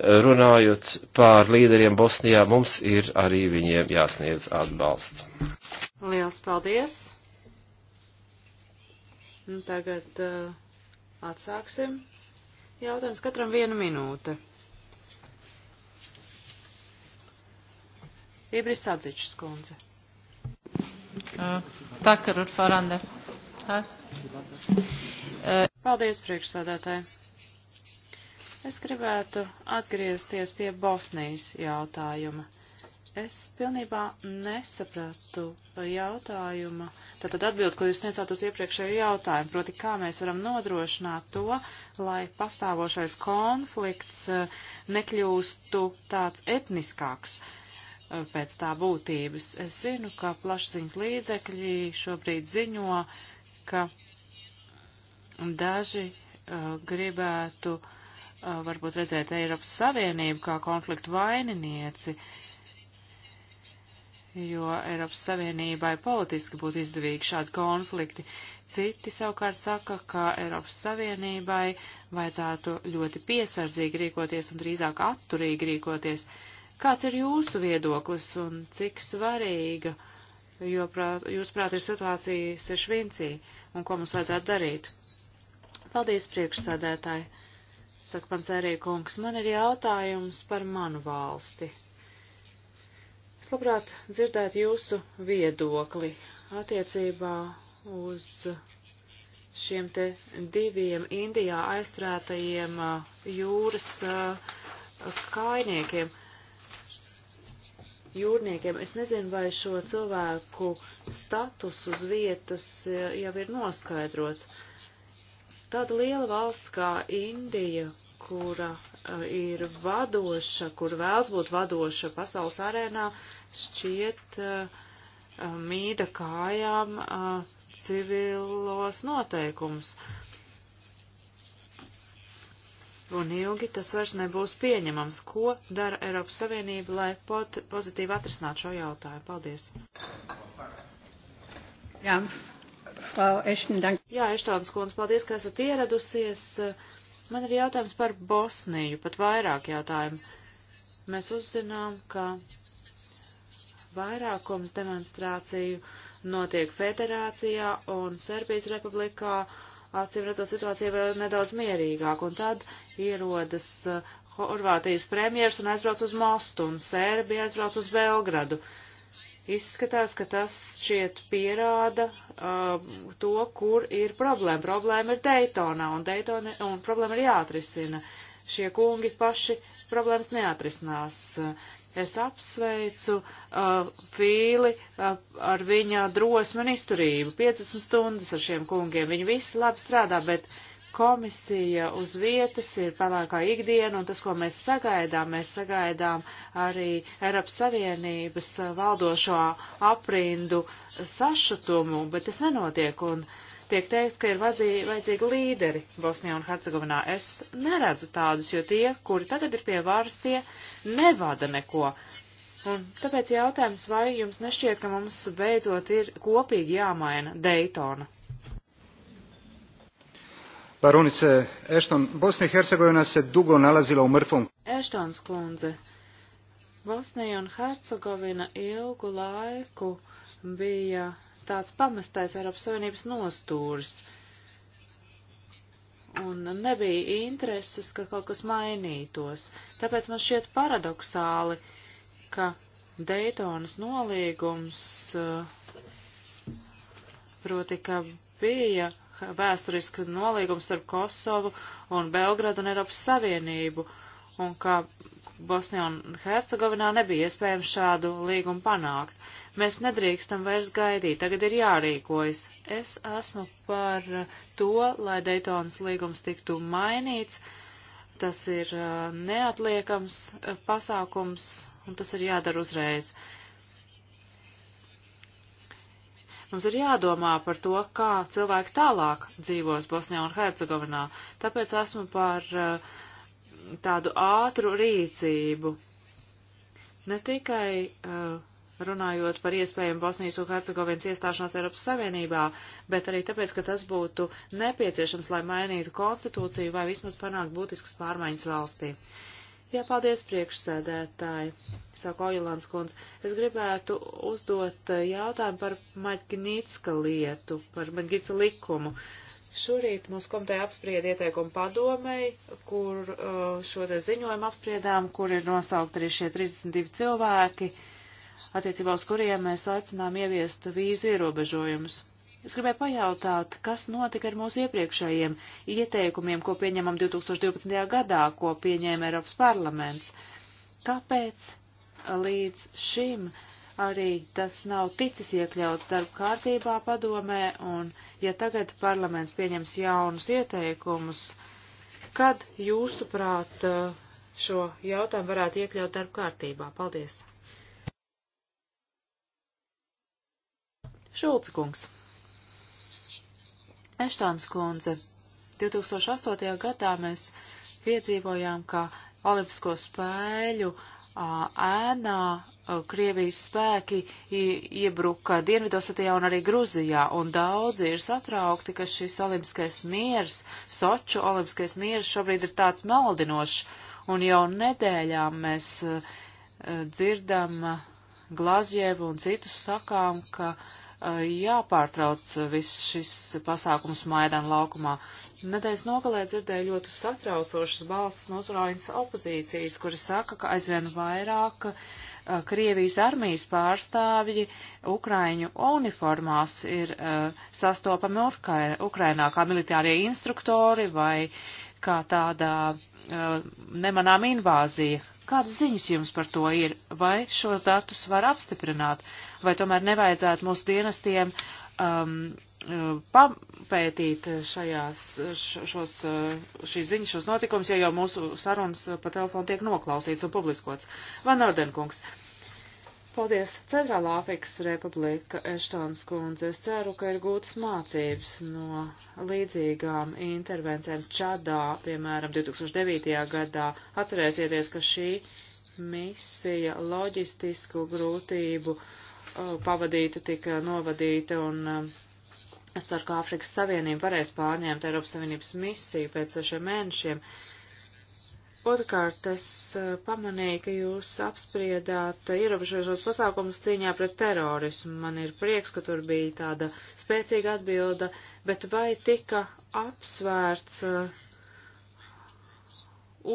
Speaker 3: Runājot par līderiem Bosnijā, mums ir arī viņiem jāsniedz atbalsts.
Speaker 2: Liels paldies! Un nu, tagad uh, atsāksim. Jautājums katram viena minūte. Ibris Adzičs kundze.
Speaker 1: Takar ar Farande.
Speaker 2: Paldies, priekšsādātāji. Es gribētu atgriezties pie Bosnijas jautājuma. Es pilnībā nesapratu jautājuma, tātad atbild, ko jūs sniedzāt uz iepriekšēju jautājumu, proti, kā mēs varam nodrošināt to, lai pastāvošais konflikts nekļūstu tāds etniskāks pēc tā būtības. Es zinu, ka plašsaziņas līdzekļi šobrīd ziņo, ka daži uh, gribētu uh, varbūt redzēt Eiropas Savienību kā konfliktu vaininieci, jo Eiropas Savienībai politiski būtu izdevīgi šādi konflikti. Citi savukārt saka, ka Eiropas Savienībai vajadzētu ļoti piesardzīgi rīkoties un drīzāk atturīgi rīkoties. Uh, Kāds ir jūsu viedoklis un cik svarīga, jo, prāt, jūs prāt, ir situācija sešvincī un ko mums vajadzētu darīt? Paldies, priekšsādētāji. Saka man cerīja kungs, man ir jautājums par manu valsti. Es labprāt dzirdētu jūsu viedokli attiecībā uz šiem te diviem Indijā aizturētajiem uh, jūras uh, kainiekiem jūrniekiem. Es nezinu, vai šo cilvēku status uz vietas e, jau ir noskaidrots. Tāda liela valsts kā Indija, kura e, ir vadoša, kur vēlas būt vadoša pasaules arēnā, šķiet e, mīda kājām civilos noteikumus. Uh, un ilgi tas vairs nebūs pieņemams. Ko dara Eiropas Savienība, lai pot, pozitīvi atrisināt šo jautājumu? Paldies. Jā,
Speaker 1: Jā
Speaker 2: Eštānas kundze, paldies, ka esat ieradusies. Man ir jautājums par Bosniju, pat vairāk jautājumu. Mēs uzzinām, ka vairākums demonstrāciju notiek federācijā un Serbijas republikā acīm redzot, situācija ir nedaudz mierīgāka. Un tad ierodas uh, Horvātijas premjers un aizbrauc uz Mostu, un Sērbija aizbrauc uz Belgradu. Izskatās, ka tas šķiet pierāda uh, to, kur ir problēma. Problēma ir Daytonā, un, Daytona, un problēma ir jāatrisina. Šie kungi paši problēmas neatrisinās. Uh, Es apsveicu uh, Fīli uh, ar viņa drosmi un izturību. 50 stundas ar šiem kungiem. Viņi visi labi strādā, bet komisija uz vietas ir pelēkā ikdiena, un tas, ko mēs sagaidām, mēs sagaidām arī Eiropas Savienības valdošo aprindu sašutumu, bet tas nenotiek. Un, uh, tiek teikts, ka ir vajadzīgi līderi Bosnijā un Hercegovinā. Es neredzu tādus, jo tie, kuri tagad ir pie varas, tie nevada neko. Un tāpēc jautājums, vai jums nešķiet, ka mums beidzot ir kopīgi jāmaina Daytona?
Speaker 3: Baronice Ešton, Bosnija Hercegovina se dugo nalazila u mrtvom.
Speaker 2: Eštons kundze, Bosnija un Hercegovina ilgu laiku bija tāds pamestais Eiropas Savienības nostūris. Un nebija intereses, ka kaut kas mainītos. Tāpēc man šķiet paradoxāli, ka Daytonas nolīgums, eh, proti, ka bija vēsturiski nolīgums starp Kosovu un Belgradu un Eiropas Savienību, un ka Bosnijā un Hercegovinā nebija iespējams šādu līgumu panākt. Mēs nedrīkstam vairs gaidīt, tagad ir jārīkojas. Es esmu par uh, to, lai Daytonas līgums tiktu mainīts. Tas ir uh, neatliekams uh, pasākums, un tas ir jādara uzreiz. Mums ir jādomā par to, kā cilvēki tālāk dzīvos Bosnijā un Hercegovinā. Tāpēc esmu par tādu ātru rīcību. Ne tikai uh, runājot par iespējumu Bosnijas un Hercegovinas iestāšanos Eiropas Savienībā, bet arī tāpēc, ka tas būtu nepieciešams, lai mainītu konstitūciju vai vismaz panākt būtiskas pārmaiņas valstī. Jā, paldies priekšsēdētāji, saka Ojulāns kundze. Es gribētu uzdot eh, jautājumu par Maģnitska lietu, par Maģnitska likumu. Šorīt mūsu komiteja apsprieda ieteikumu padomei, kur eh, šo te ziņojumu apspriedām, kur ir nosaukt arī šie 32 cilvēki. Uh, attiecībā uz kuriem mēs aicinām ieviest vīzu ierobežojumus. Es gribēju pajautāt, kas notika ar mūsu iepriekšējiem ieteikumiem, ko pieņemam 2012. gadā, ko pieņēma Eiropas parlaments. Kāpēc līdz šim arī tas nav ticis iekļauts darba kārtībā padomē, un ja tagad parlaments pieņems jaunus ieteikumus, kad jūsuprāt uh, šo jautājumu varētu iekļaut darba kārtībā? Paldies! Šulca kungs. Eštāns kundze. 2008. gadā mēs piedzīvojām, ka Olimpisko spēļu ēnā Krievijas spēki iebruka Dienvidosatijā un arī Gruzijā, un daudzi ir satraukti, ka šis olimpiskais miers, Soču olimpiskais miers šobrīd ir tāds maldinošs, un jau nedēļām mēs dzirdam Glazjevu un citus sakām, ka uh, jāpārtrauc viss šis pasākums Maidan laukumā. Nedēļas nogalē dzirdēju ļoti satraucošas balsts no Ukrainas opozīcijas, kuri saka, ka aizvien vairāk uh, Krievijas armijas pārstāvji Ukraiņu uniformās ir uh, sastopami Ukrainā kā militārie instruktori vai kā tādā uh, nemanām invāzija Kādas ziņas jums par to ir? Vai šos datus var apstiprināt? Vai tomēr nevajadzētu mūsu dienestiem um, uh, papētīt šajās, šos, uh, šīs ziņas, šos notikumus, ja jau mūsu sarunas uh, pa telefonu tiek noklausīts un publiskots? Van Ordenkungs. Uh, Paldies Centrālā Afrikas Republika, Eštons kundze. Es ceru, ka ir gūtas mācības no līdzīgām intervencēm Čadā, piemēram, 2009. gadā. Atcerēsieties, ka šī misija loģistisku grūtību uh, pavadīta tika novadīta un uh, es ceru, ka Afrikas Savienība varēs pārņemt Eiropas Savienības misiju pēc sešiem mēnešiem. Uh, Otrkārt, es eh, pamanīju, ka jūs apspriedāt ierobežošos pasākumus cīņā pret terorismu. Man ir prieks, ka tur bija tāda spēcīga atbilda, bet vai tika apsvērts eh,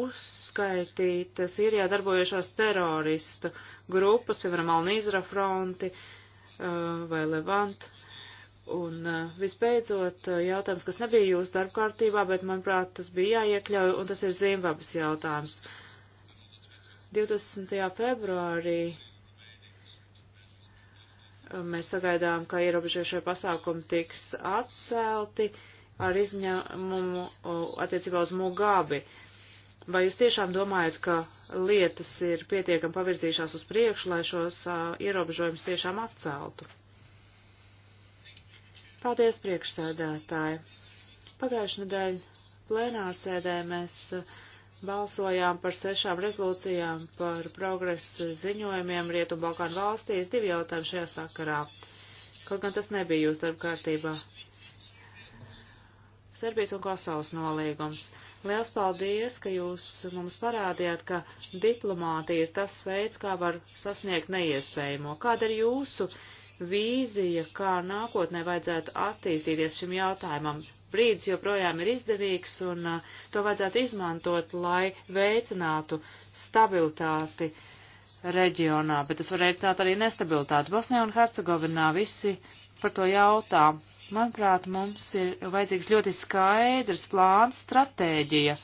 Speaker 2: uzskaitīt Sīrijā darbojušās teroristu grupas, piemēram, Alnīzra fronti eh, vai Levant Un visbeidzot, jautājums, kas nebija jūsu darbkārtībā, bet, manuprāt, tas bija jāiekļauj, un tas ir Zimbabves jautājums. 20. februārī mēs sagaidām, ka ierobežošie pasākumi tiks atcelti ar izņēmumu attiecībā uz Mugabi. Vai jūs tiešām domājat, ka lietas ir pietiekami pavirzījušās uz priekšu, lai šos ierobežojumus tiešām atceltu? Paldies, priekšsēdētāji. Pagājušajā nedēļā plēnārsēdē mēs uh, balsojām par sešām rezolūcijām par progresa ziņojumiem Rietumbalkānu valstīs divi jautājumi šajā sakarā. Kaut gan tas nebija jūsu darba kārtībā. Serbijas un Kosovas nolīgums. Liels paldies, ka jūs mums parādījāt, ka diplomātija ir tas veids, kā var sasniegt neiespējamo. Kāda ir jūsu vīzija, kā nākotnē vajadzētu attīstīties šim jautājumam. Brīdis joprojām ir izdevīgs, un uh, to vajadzētu izmantot, lai veicinātu stabilitāti reģionā, bet tas var veicināt arī nestabilitāti. Bosnijā un Hercegovinā visi par to jautā. Manuprāt, mums ir vajadzīgs ļoti skaidrs plāns, stratēģija,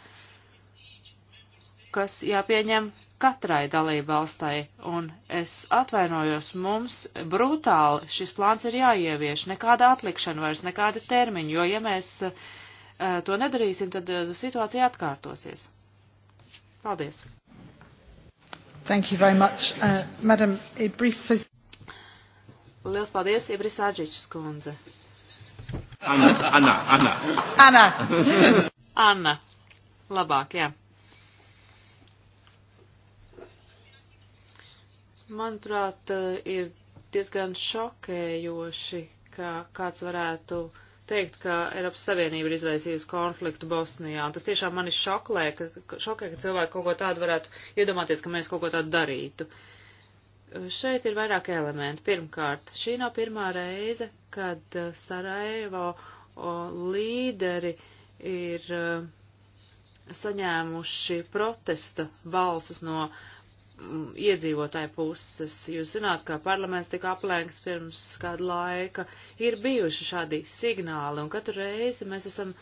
Speaker 2: kas jāpieņem katrai dalībvalstai, un es atvainojos, mums brutāli šis plāns ir jāievieš, nekāda atlikšana vairs, nekāda termiņa, jo ja mēs uh, to nedarīsim, tad uh, situācija atkārtosies. Paldies. Thank you very much, uh, Madam Ibrisa. Liels paldies, Ibrisa Adžičs kundze.
Speaker 3: Anna, Anna, Anna. Anna.
Speaker 2: Anna. Labāk, jā. Manuprāt, eh, ir diezgan šokējoši, ka kāds varētu teikt, ka Eiropas Savienība ir izraisījusi konfliktu Bosnijā. Un tas tiešām mani šoklē, ka, šokē, ka cilvēki kaut ko tādu varētu iedomāties, ka mēs kaut ko tādu darītu. Eh, šeit ir vairāk elementi. Pirmkārt, šī nav pirmā reize, kad eh, Sarajevo līderi ir saņēmuši protesta balsas no iedzīvotāju puses. Jūs zināt, kā parlaments tika aplēgts pirms kādu laika, ir bijuši šādi signāli, un katru reizi mēs esam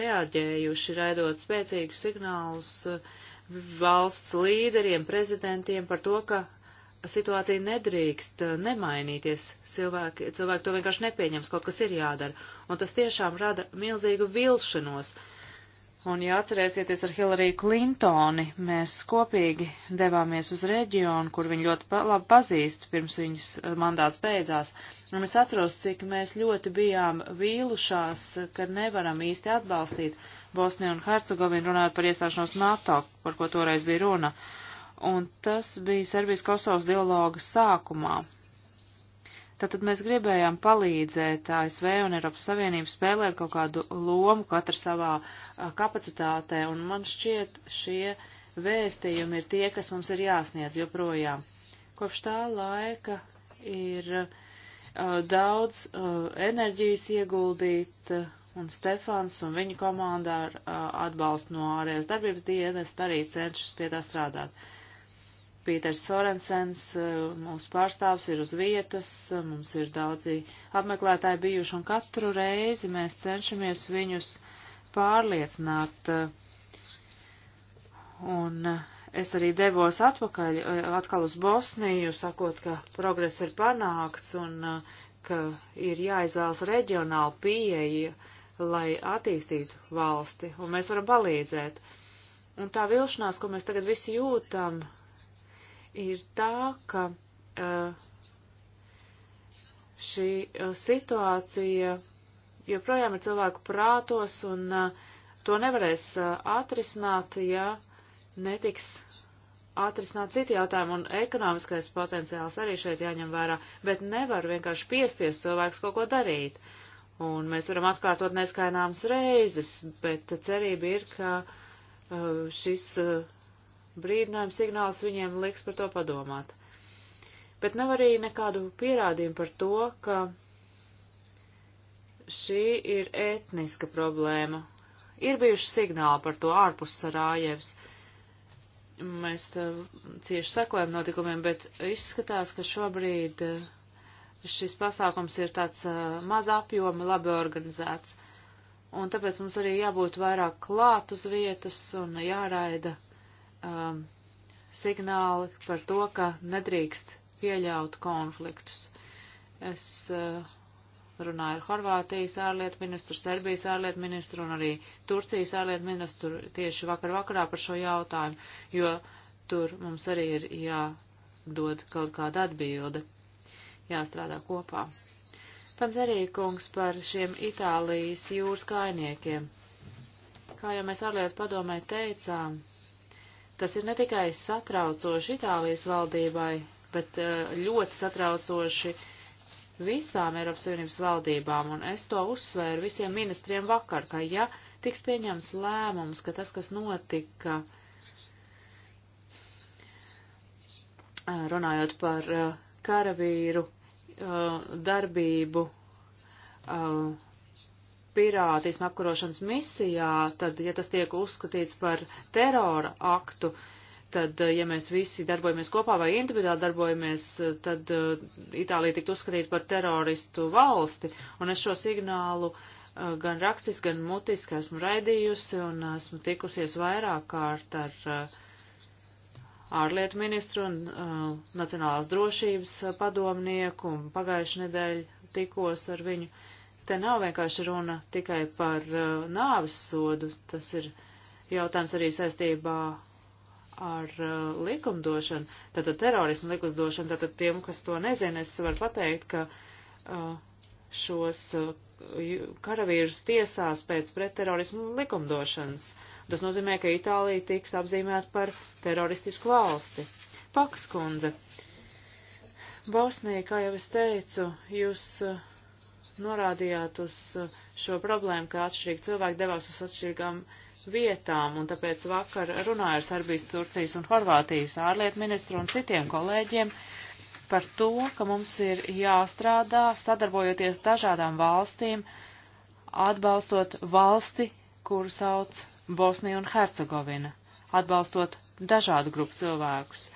Speaker 2: reaģējuši, raidot spēcīgus signālus valsts līderiem, prezidentiem par to, ka situācija nedrīkst nemainīties. Cilvēki, cilvēki to vienkārši nepieņems, kaut kas ir jādara. Un tas tiešām rada milzīgu vilšanos. Uh, Un, ja atcerēsieties ar Hillariju Klintoni, mēs kopīgi devāmies uz reģionu, kur viņa ļoti pa labi pazīst, pirms viņas eh, mandāts beidzās. Un es atceros, cik mēs ļoti bijām vīlušās, ka nevaram īsti atbalstīt Bosniju un Hercegovinu runājot par iestāšanos NATO, par ko toreiz bija runa. Un tas bija Serbijas Kosovas dialoga sākumā. Tātad mēs gribējām palīdzēt ASV un Eiropas Savienību spēlēt kaut kādu lomu katra savā kapacitātē, un man šķiet šie vēstījumi ir tie, kas mums ir jāsniedz joprojām. Kopš tā laika ir uh, daudz uh, enerģijas ieguldīt, uh, un Stefans un viņa komanda ar atbalstu no ārējās darbības dienas arī cenšas pie tā strādāt. Uh, Pīters Sorensens, eh, mūsu pārstāvs, ir uz vietas, eh, mums ir daudzi apmeklētāji bijuši, un katru reizi mēs cenšamies viņus pārliecināt. Eh, un es arī devos atpakaļ, atkal uz Bosniju, sakot, ka progress ir panākts un ka ir jāizvēlas reģionāla pieeja, lai attīstītu valsti, un mēs varam palīdzēt. Un tā vilšanās, ko mēs tagad visi jūtam, ir tā, ka eh, šī eh, situācija joprojām ir cilvēku prātos un eh, to nevarēs atrisināt, ja netiks atrisināt citi jautājumi, un ekonomiskais potenciāls arī šeit jāņem vērā, bet nevar vienkārši piespiest cilvēks kaut ko darīt. Un mēs varam atkārtot neskaināmas reizes, bet cerība ir, ka šis brīdinājums signāls viņiem liks par to padomāt. Bet nav arī nekādu pierādījumu par to, ka šī ir etniska problēma. Ir bijuši signāli par to ārpus Sarājevs. Mēs uh, cieši sekojam notikumiem, bet izskatās, ka šobrīd uh, šis pasākums ir tāds uh, maz apjoma, labi organizēts. Un tāpēc mums arī jābūt vairāk klāt uz vietas un jāraida um, signāli par to, ka nedrīkst pieļaut konfliktus. Es uh, runāju ar Horvātijas ārlietu ministru, Serbijas ārlietu ministru un arī Turcijas ārlietu ministru tieši vakar vakarā par šo jautājumu, jo tur mums arī ir jādod kaut kāda atbilde, jāstrādā kopā. Pats arī kungs par šiem Itālijas jūras kainiekiem. Kā jau mēs ārlietu padomē teicām, Tas ir ne tikai satraucoši Itālijas valdībai, bet eh, ļoti satraucoši visām Eiropas Savienības valdībām, un es to uzsvēru visiem ministriem vakar, ka ja tiks pieņemts lēmums, ka tas, kas notika, eh, runājot par eh, karavīru darbību, pirātismu apkarošanas misijā, tad, ja tas tiek uzskatīts par terora aktu, tad, ja mēs visi darbojamies kopā vai individuāli darbojamies, tad eh, Itālija tiktu uzskatīta par teroristu valsti. Un es šo signālu eh, gan rakstiski, gan mutiski esmu raidījusi un esmu tikusies vairāk kārt ar eh, ārlietu ministru un uh, nacionālās drošības padomnieku un pagājuši nedēļu tikos ar viņu. Uh, Te nav vienkārši runa tikai par uh, nāvis sodu, tas ir jautājums arī saistībā ar uh, likumdošanu, tātad terorismu likumdošanu, tātad tiem, kas to nezina, es varu pateikt, ka uh, šos uh, karavīrus tiesās pēc pretterorismu likumdošanas. Tas nozīmē, ka Itālija tiks apzīmēta par teroristisku valsti. Paks kundze. Bosnija, kā jau es teicu, jūs uh, norādījāt uz uh, šo problēmu, ka atšķirīgi cilvēki devās uz atšķirīgām vietām, un tāpēc vakar runāju ar Serbijas, Turcijas un Horvātijas ārlietu ministru un citiem kolēģiem par to, ka mums ir jāstrādā, sadarbojoties dažādām valstīm, atbalstot valsti, kuru sauc Bosnija un Hercegovina, atbalstot dažādu grupu cilvēkus.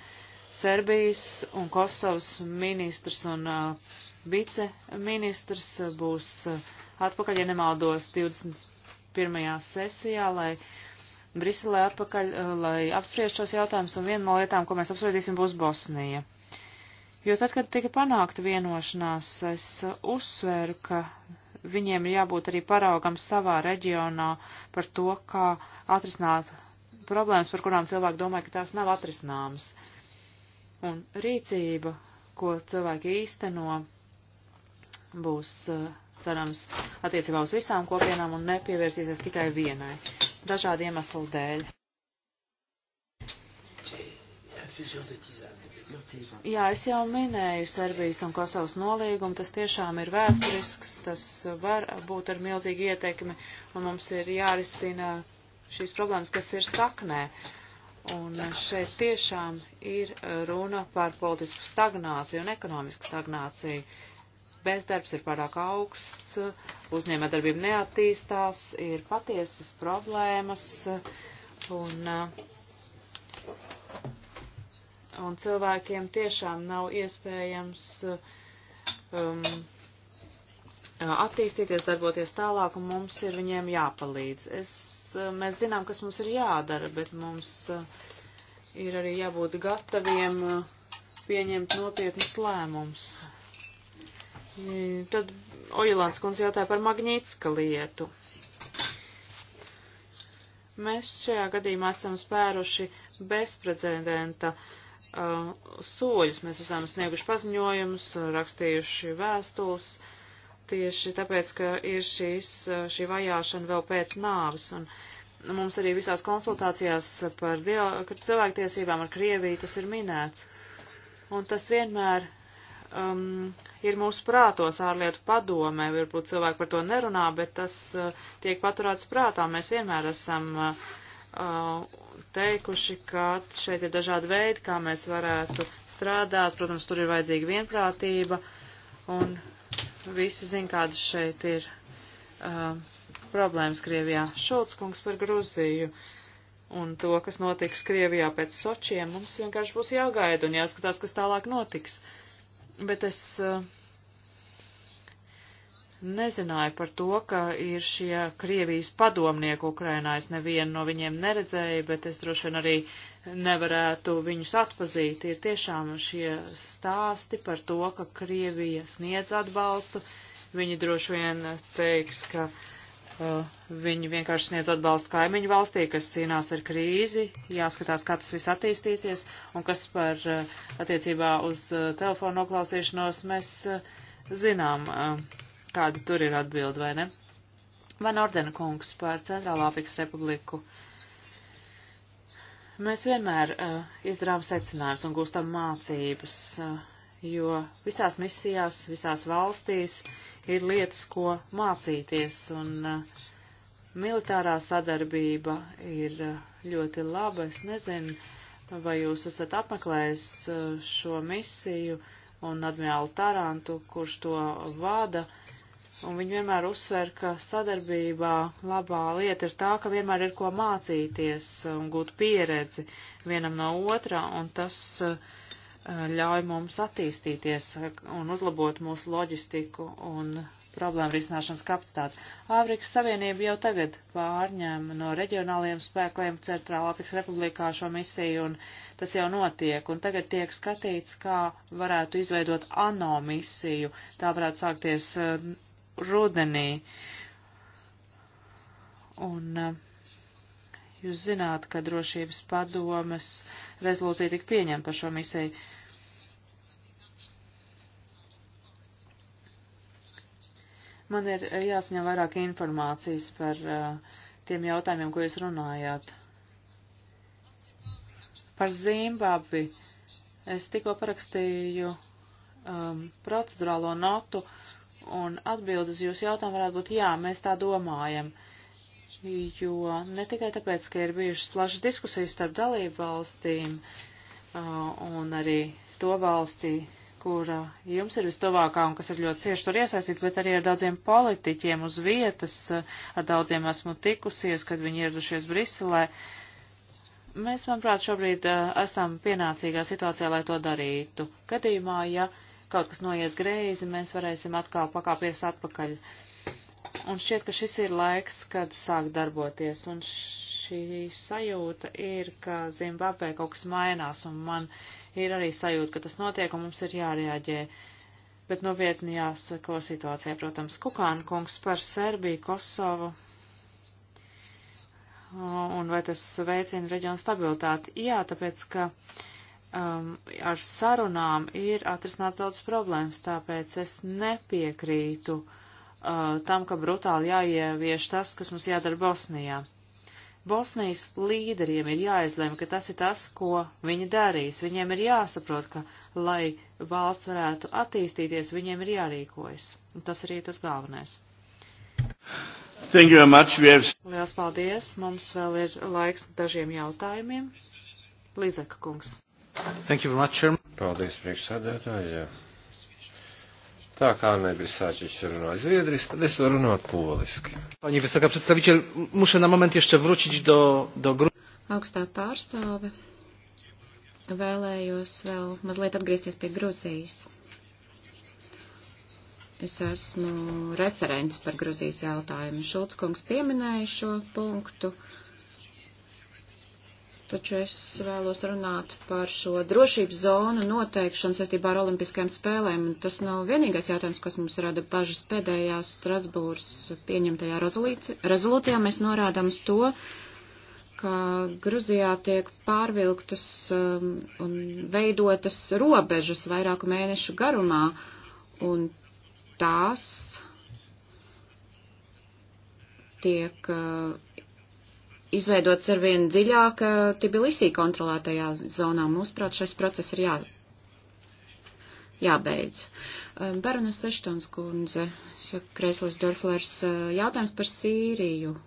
Speaker 2: Serbijas un Kosovas ministrs un uh, viceministrs būs eh, atpakaļ, ja nemaldos, 21. sesijā, lai Briselē atpakaļ, eh, lai apspriež šos jautājumus, un viena no lietām, ko mēs apspriedīsim, būs Bosnija. Jo tad, kad tika panākta vienošanās, es uzsveru, ka viņiem ir jābūt arī paraugam savā reģionā par to, kā atrisināt problēmas, par kurām cilvēki domāja, ka tās nav atrisināmas. Un rīcība, ko cilvēki īsteno, būs, eh, cerams, attiecībā uz visām kopienām un nepievērsīsies tikai vienai, dažādu iemeslu dēļ. Jā, es jau minēju Serbijas un Kosovas nolīgumu, tas tiešām ir vēsturisks, tas var būt ar milzīgu ietekmi, un mums ir jārisina šīs problēmas, kas ir saknē. Un šeit tiešām ir runa par politisku stagnāciju un ekonomisku stagnāciju. Uh, bezdarbs ir pārāk augsts, uzņēmējdarbība neattīstās, ir patiesas problēmas un, uh, un cilvēkiem tiešām nav iespējams um, uh, attīstīties, darboties tālāk un mums ir viņiem jāpalīdz. Es, uh, mēs zinām, kas mums ir jādara, bet mums ir arī jābūt gataviem pieņemt nopietnus lēmumus. Mm, tad Ojulāns kundze jautāja par Magnītiska lietu. Mēs šajā gadījumā esam spēruši bezprecedenta uh, soļus. Mēs esam snieguši paziņojumus, rakstījuši vēstules, tieši tāpēc, ka ir šīs, uh, šī vajāšana vēl pēc nāves. Un, uh, mums arī visās konsultācijās par cilvēktiesībām ar Krieviju tas ir minēts. Un tas vienmēr um, ir mūsu prātos ārlietu padomē, varbūt cilvēki par to nerunā, bet tas uh, tiek paturēts prātā. Mēs vienmēr esam uh, teikuši, ka šeit ir dažādi veidi, kā mēs varētu strādāt. Protams, tur ir vajadzīga vienprātība, un visi zina, kādas šeit ir uh, problēmas Krievijā. Šulc kungs par Gruziju. Un to, kas notiks Krievijā pēc Sočiem, mums vienkārši būs jāgaida un jāskatās, kas tālāk notiks. Uh, bet es eh, nezināju par to, ka ir šie Krievijas padomnieki Ukrainā. Es nevienu no viņiem neredzēju, bet es droši vien arī nevarētu viņus atpazīt. Ir tiešām šie stāsti par to, ka Krievija sniedz atbalstu. Viņi droši vien teiks, ka uh, Uh, viņi vienkārši sniedz atbalstu kaimiņu valstī, kas cīnās ar krīzi, jāskatās, kā tas viss attīstīsies, un kas par uh, attiecībā uz uh, telefonu noklausīšanos mēs zinām, kāda tur ir atbildi, vai ne? Van Ordena kungs par Centrālā Afrikas Republiku. Mēs vienmēr izdarām secinājumus un gūstam mācības, jo visās misijās, visās valstīs, uh, ir lietas, ko mācīties, un uh, militārā sadarbība ir uh, ļoti laba. Es nezinu, vai jūs esat apmeklējis uh, šo misiju un admirālu Tarantu, kurš to vada. Un viņi vienmēr uzsver, ka sadarbībā labā lieta ir tā, ka vienmēr ir ko mācīties un gūt pieredzi vienam no otra, un tas uh, ļauj mums attīstīties un uzlabot mūsu loģistiku un problēmu risināšanas kapacitāti. Āfrikas Savienība jau tagad pārņem no reģionāliem spēkiem Centrāla Afrikas Republikā šo misiju, un tas jau notiek, un tagad tiek skatīts, kā varētu izveidot ANO misiju. Tā varētu sākties uh, rudenī. Un, uh, Jūs zināt, ka drošības padomas rezolūcija tika pieņemta par šo misiju. Man ir jāsaņem vairāk informācijas par uh, tiem jautājumiem, ko jūs runājāt. Par Zimbabvi es tikko parakstīju um, procedurālo notu, un atbildes jūs jautājumu varētu būt jā, mēs tā domājam. Uh, jo ne tikai tāpēc, ka ir bijušas plašas diskusijas starp dalību valstīm uh, un arī to valstī, kura jums ir vistuvākā un kas ir ļoti cieši tur iesaistīta, bet arī ar daudziem politiķiem uz vietas, uh, ar daudziem esmu tikusies, kad viņi ieradušies Briselē. Mēs, manuprāt, šobrīd uh, esam pienācīgā situācijā, lai to darītu. Gadījumā, ja kaut kas noies greizi, mēs varēsim atkal pakāpties atpakaļ. Uh, Un šķiet, ka šis ir laiks, kad sāk darboties. Un šī sajūta ir, ka Zimbabvē kaut kas mainās, un man ir arī sajūta, ka tas notiek, un mums ir jārēģē. Bet no nu vietni jāsako situācijai, protams, Kukāna kungs par Serbiju, Kosovu. Un vai tas veicina reģionu stabilitāti? Jā, tāpēc, ka um, ar sarunām ir atrisināts daudz problēmas, tāpēc es nepiekrītu uh, Uh, tam, ka brutāli jāievieš tas, kas mums jādara Bosnijā. Bosnijas līderiem ir jāizlem, ka tas ir tas, ko viņi darīs. Viņiem ir jāsaprot, ka, lai valsts varētu attīstīties, viņiem ir jārīkojas. Un tas arī tas galvenais.
Speaker 3: Thank you very much. We have...
Speaker 2: Liels paldies. Mums vēl ir laiks dažiem jautājumiem. Līzaka kungs.
Speaker 3: Thank you very much, Chairman. Paldies, priekšsādētāji. Yeah tā kā Nebrisāčiņš runā zviedriski, tad es varu runāt poliski. Pani visaka predstaviteļ, muša na moment jeszcze vručić do, do gru...
Speaker 1: Augstā pārstāve vēlējos vēl mazliet atgriezties pie Gruzijas. Es esmu referents par Gruzijas jautājumu. Šulc kungs pieminēja šo punktu. Uh, taču es vēlos runāt par šo drošības zonu noteikšanu saistībā ar olimpiskajām spēlēm. Tas nav vienīgais jautājums, kas mums rada bažas pēdējā Strasbūras pieņemtajā rezolūcijā. Mēs norādām uz to, ka Gruzijā tiek pārvilktas um, un veidotas robežas vairāku mēnešu garumā, un tās tiek uh, izveidots ar vien dziļāk eh, Tbilisī kontrolētajā zonā. Mūsuprāt, šis process ir jā, jābeidz. Eh, Baronas Seštons kundze, Kreslis Dorflers, eh, jautājums par Sīriju.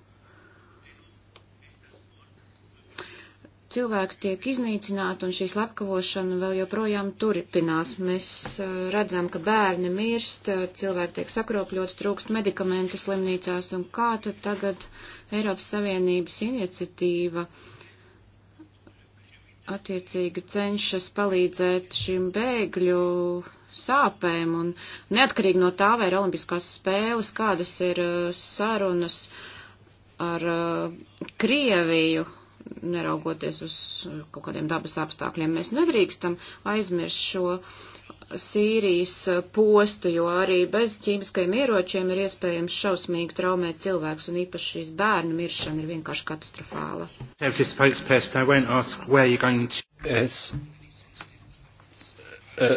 Speaker 1: cilvēki tiek iznīcināti un šī slepkavošana vēl joprojām turpinās. Mēs eh, redzam, ka bērni mirst, eh, cilvēki tiek sakropļoti, trūkst medikamentu slimnīcās un kā tad tagad Eiropas Savienības iniciatīva attiecīgi cenšas palīdzēt šim bēgļu sāpēm un neatkarīgi no tā, vai ir olimpiskās spēles, kādas ir eh, sarunas ar Krieviju neraugoties uz uh, kaut kādiem dabas apstākļiem. Mēs nedrīkstam aizmirst šo Sīrijas uh, postu, jo arī bez ķīmiskajiem ieročiem ir iespējams šausmīgi traumēt cilvēks, un īpaši šīs bērnu miršana ir vienkārši katastrofāla.
Speaker 3: Es eh,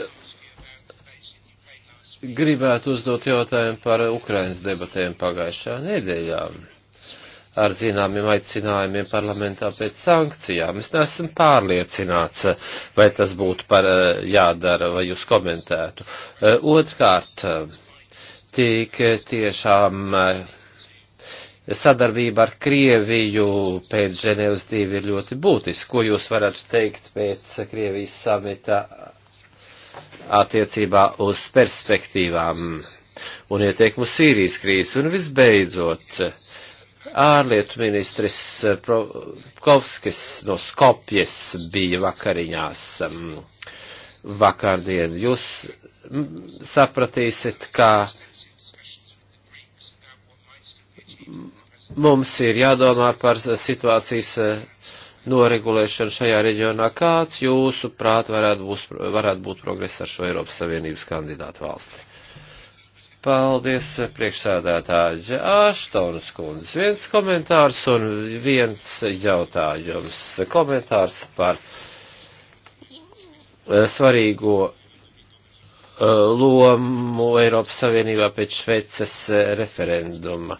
Speaker 3: gribētu uzdot jautājumu par Ukrainas debatēm pagājušā nedēļā ar zināmiem aicinājumiem parlamentā pēc sankcijām. Es neesmu pārliecināts, vai tas būtu par, eh, jādara, vai jūs komentētu. Eh, otrkārt, eh, tik tiešām sadarbība ar Krieviju pēc Ženevas 2 ir ļoti būtiska. Ko jūs varētu teikt pēc Krievijas samita attiecībā uz perspektīvām un ieteikumu Sīrijas krīzes? Un visbeidzot, Ārlietu ministrs eh, Kovskis no Skopjes bija vakariņās mm, vakardien. Jūs mm, sapratīsiet, ka mums ir jādomā par situācijas eh, noregulēšanu šajā reģionā. Kāds jūsu prāt varētu, būs, varētu būt progress ar šo Eiropas Savienības kandidātu valsti? Paldies, priekšsēdētāji. Aštonas kundze, viens komentārs un viens jautājums. Komentārs par eh, svarīgo eh, lomu Eiropas Savienībā pēc Šveices eh, referenduma.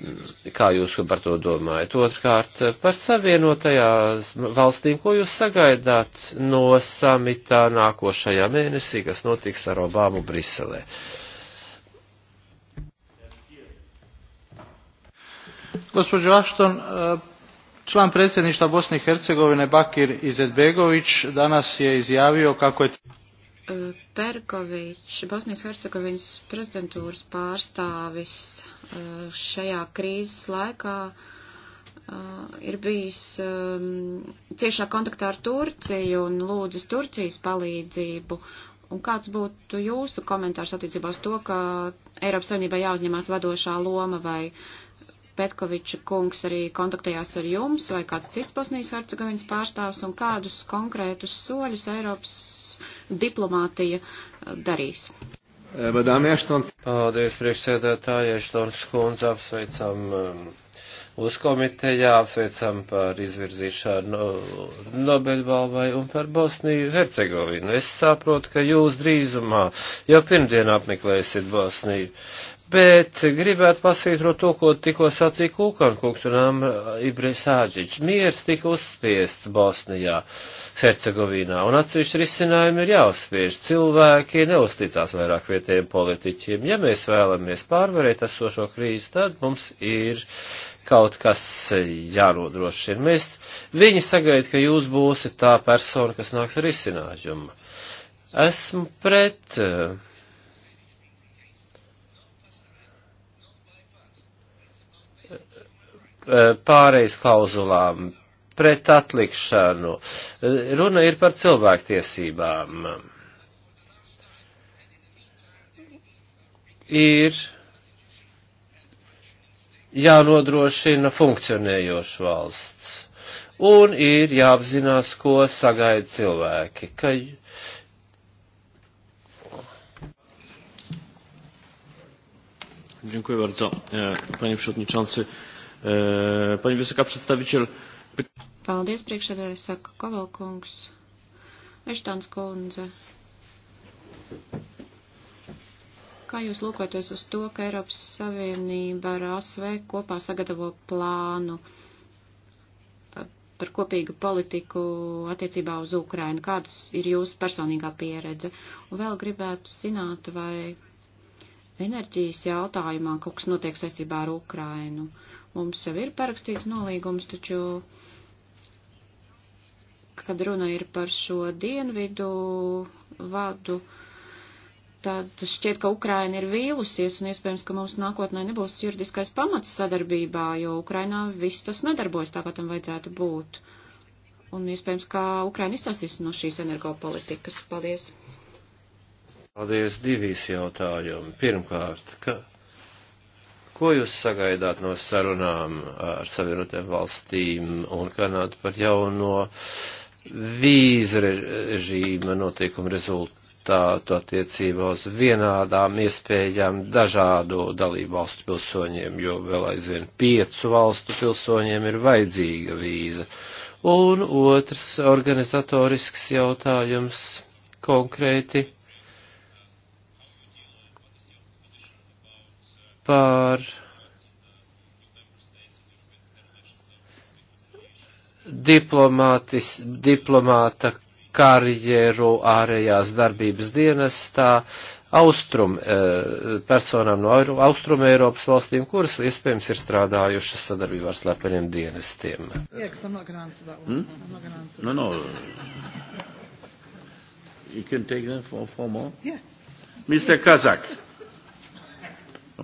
Speaker 3: Mm, kā jūs par to domājat? Otrkārt, par savienotajās valstīm, ko jūs sagaidāt no samitā nākošajā mēnesī, kas notiks ar Obāmu Briselē? Uh, Gospođo Ashton, e, član predsjedništva Bosne i Hercegovine Bakir Izetbegović danas je izjavio kako je...
Speaker 1: E, Perkovičs, Bosnijas Hercegovinas prezidentūras pārstāvis e, šajā krīzes laikā ir bijis ciešā kontaktā ar Turciju un lūdzis Turcijas palīdzību. Un kāds būtu jūsu komentārs attiecībā uz to, ka Eiropas Savienībā jāuzņemās vadošā loma vai uh, Petkoviča kungs arī kontaktējās ar jums vai kāds cits Bosnijas Hercegovinas pārstāvs un kādus konkrētus soļus Eiropas diplomātija eh, darīs?
Speaker 3: Eh, Paldies, priekšsēdētāji, Eštons kundze, apsveicam eh, uz komitejā, apsveicam par izvirzīšanu no, Nobelbalvai un par Bosniju Hercegovinu. Es saprotu, ka jūs drīzumā jau pirmdien apmeklēsiet Bosniju Bet gribētu pasvītrot to, ko tikko sacīja Kulkankungs un Ibrē Sāģiņš. Miers tika uzspiests Bosnijā, Hercegovīnā, un atsevišķi risinājumi ir jāuzspiež. Cilvēki neusticās vairāk vietējiem politiķiem. Ja mēs vēlamies pārvarēt esošo krīzi, tad mums ir kaut kas jānodrošina. Mēs, viņi sagaida, ka jūs būsiet tā persona, kas nāks ar risinājumu. Esmu pret. Uh, Eh, pārejas klauzulām, pret atlikšanu. Eh, runa ir par cilvēktiesībām. Ir jānodrošina funkcionējoša valsts. Un ir jāapzinās, ko sagaida cilvēki. Ka... Dziękuję bardzo, e, panie przewodniczący. E, pani Visakā predstaviteļ.
Speaker 1: Paldies, priekšsēdētājs, saka Kovalkungs. Eštāns kundze. Kā jūs lūkoties uz to, ka Eiropas Savienība ar ASV kopā sagatavo plānu e, par kopīgu politiku attiecībā uz Ukrainu? Kādas ir jūsu personīgā pieredze? Un vēl gribētu zināt, vai enerģijas jautājumā kaut kas notiek saistībā ar Ukrainu. Uh, Mums jau ir parakstīts nolīgums, taču, kad runa ir par šo dienvidu vadu, tad šķiet, ka Ukraina ir vīlusies un iespējams, ka mums nākotnē nebūs juridiskais pamats sadarbībā, jo Ukrainā viss tas nedarbojas tā, kā tam vajadzētu būt. Un iespējams, ka Ukraina izstāsīs no šīs energopolitikas. Paldies!
Speaker 3: Paldies, divīs jautājumi. Pirmkārt, ka Ko jūs sagaidāt no sarunām ar Savienotēm valstīm un Kanādu par jauno vīzu režīma noteikumu rezultātu attiecībā uz vienādām iespējām dažādu dalību valstu pilsoņiem, jo vēl aizvien piecu valstu pilsoņiem ir vajadzīga vīza? Un otrs organizatorisks jautājums konkrēti par diplomātis, diplomāta karjeru ārējās darbības dienestā austrum eh, personām no austrum Eiropas valstīm, kuras iespējams ir strādājušas sadarbībā ar slepeniem dienestiem. Yeah, hmm? No, no. You can take them for, for more? Yeah. Mr. Kazak.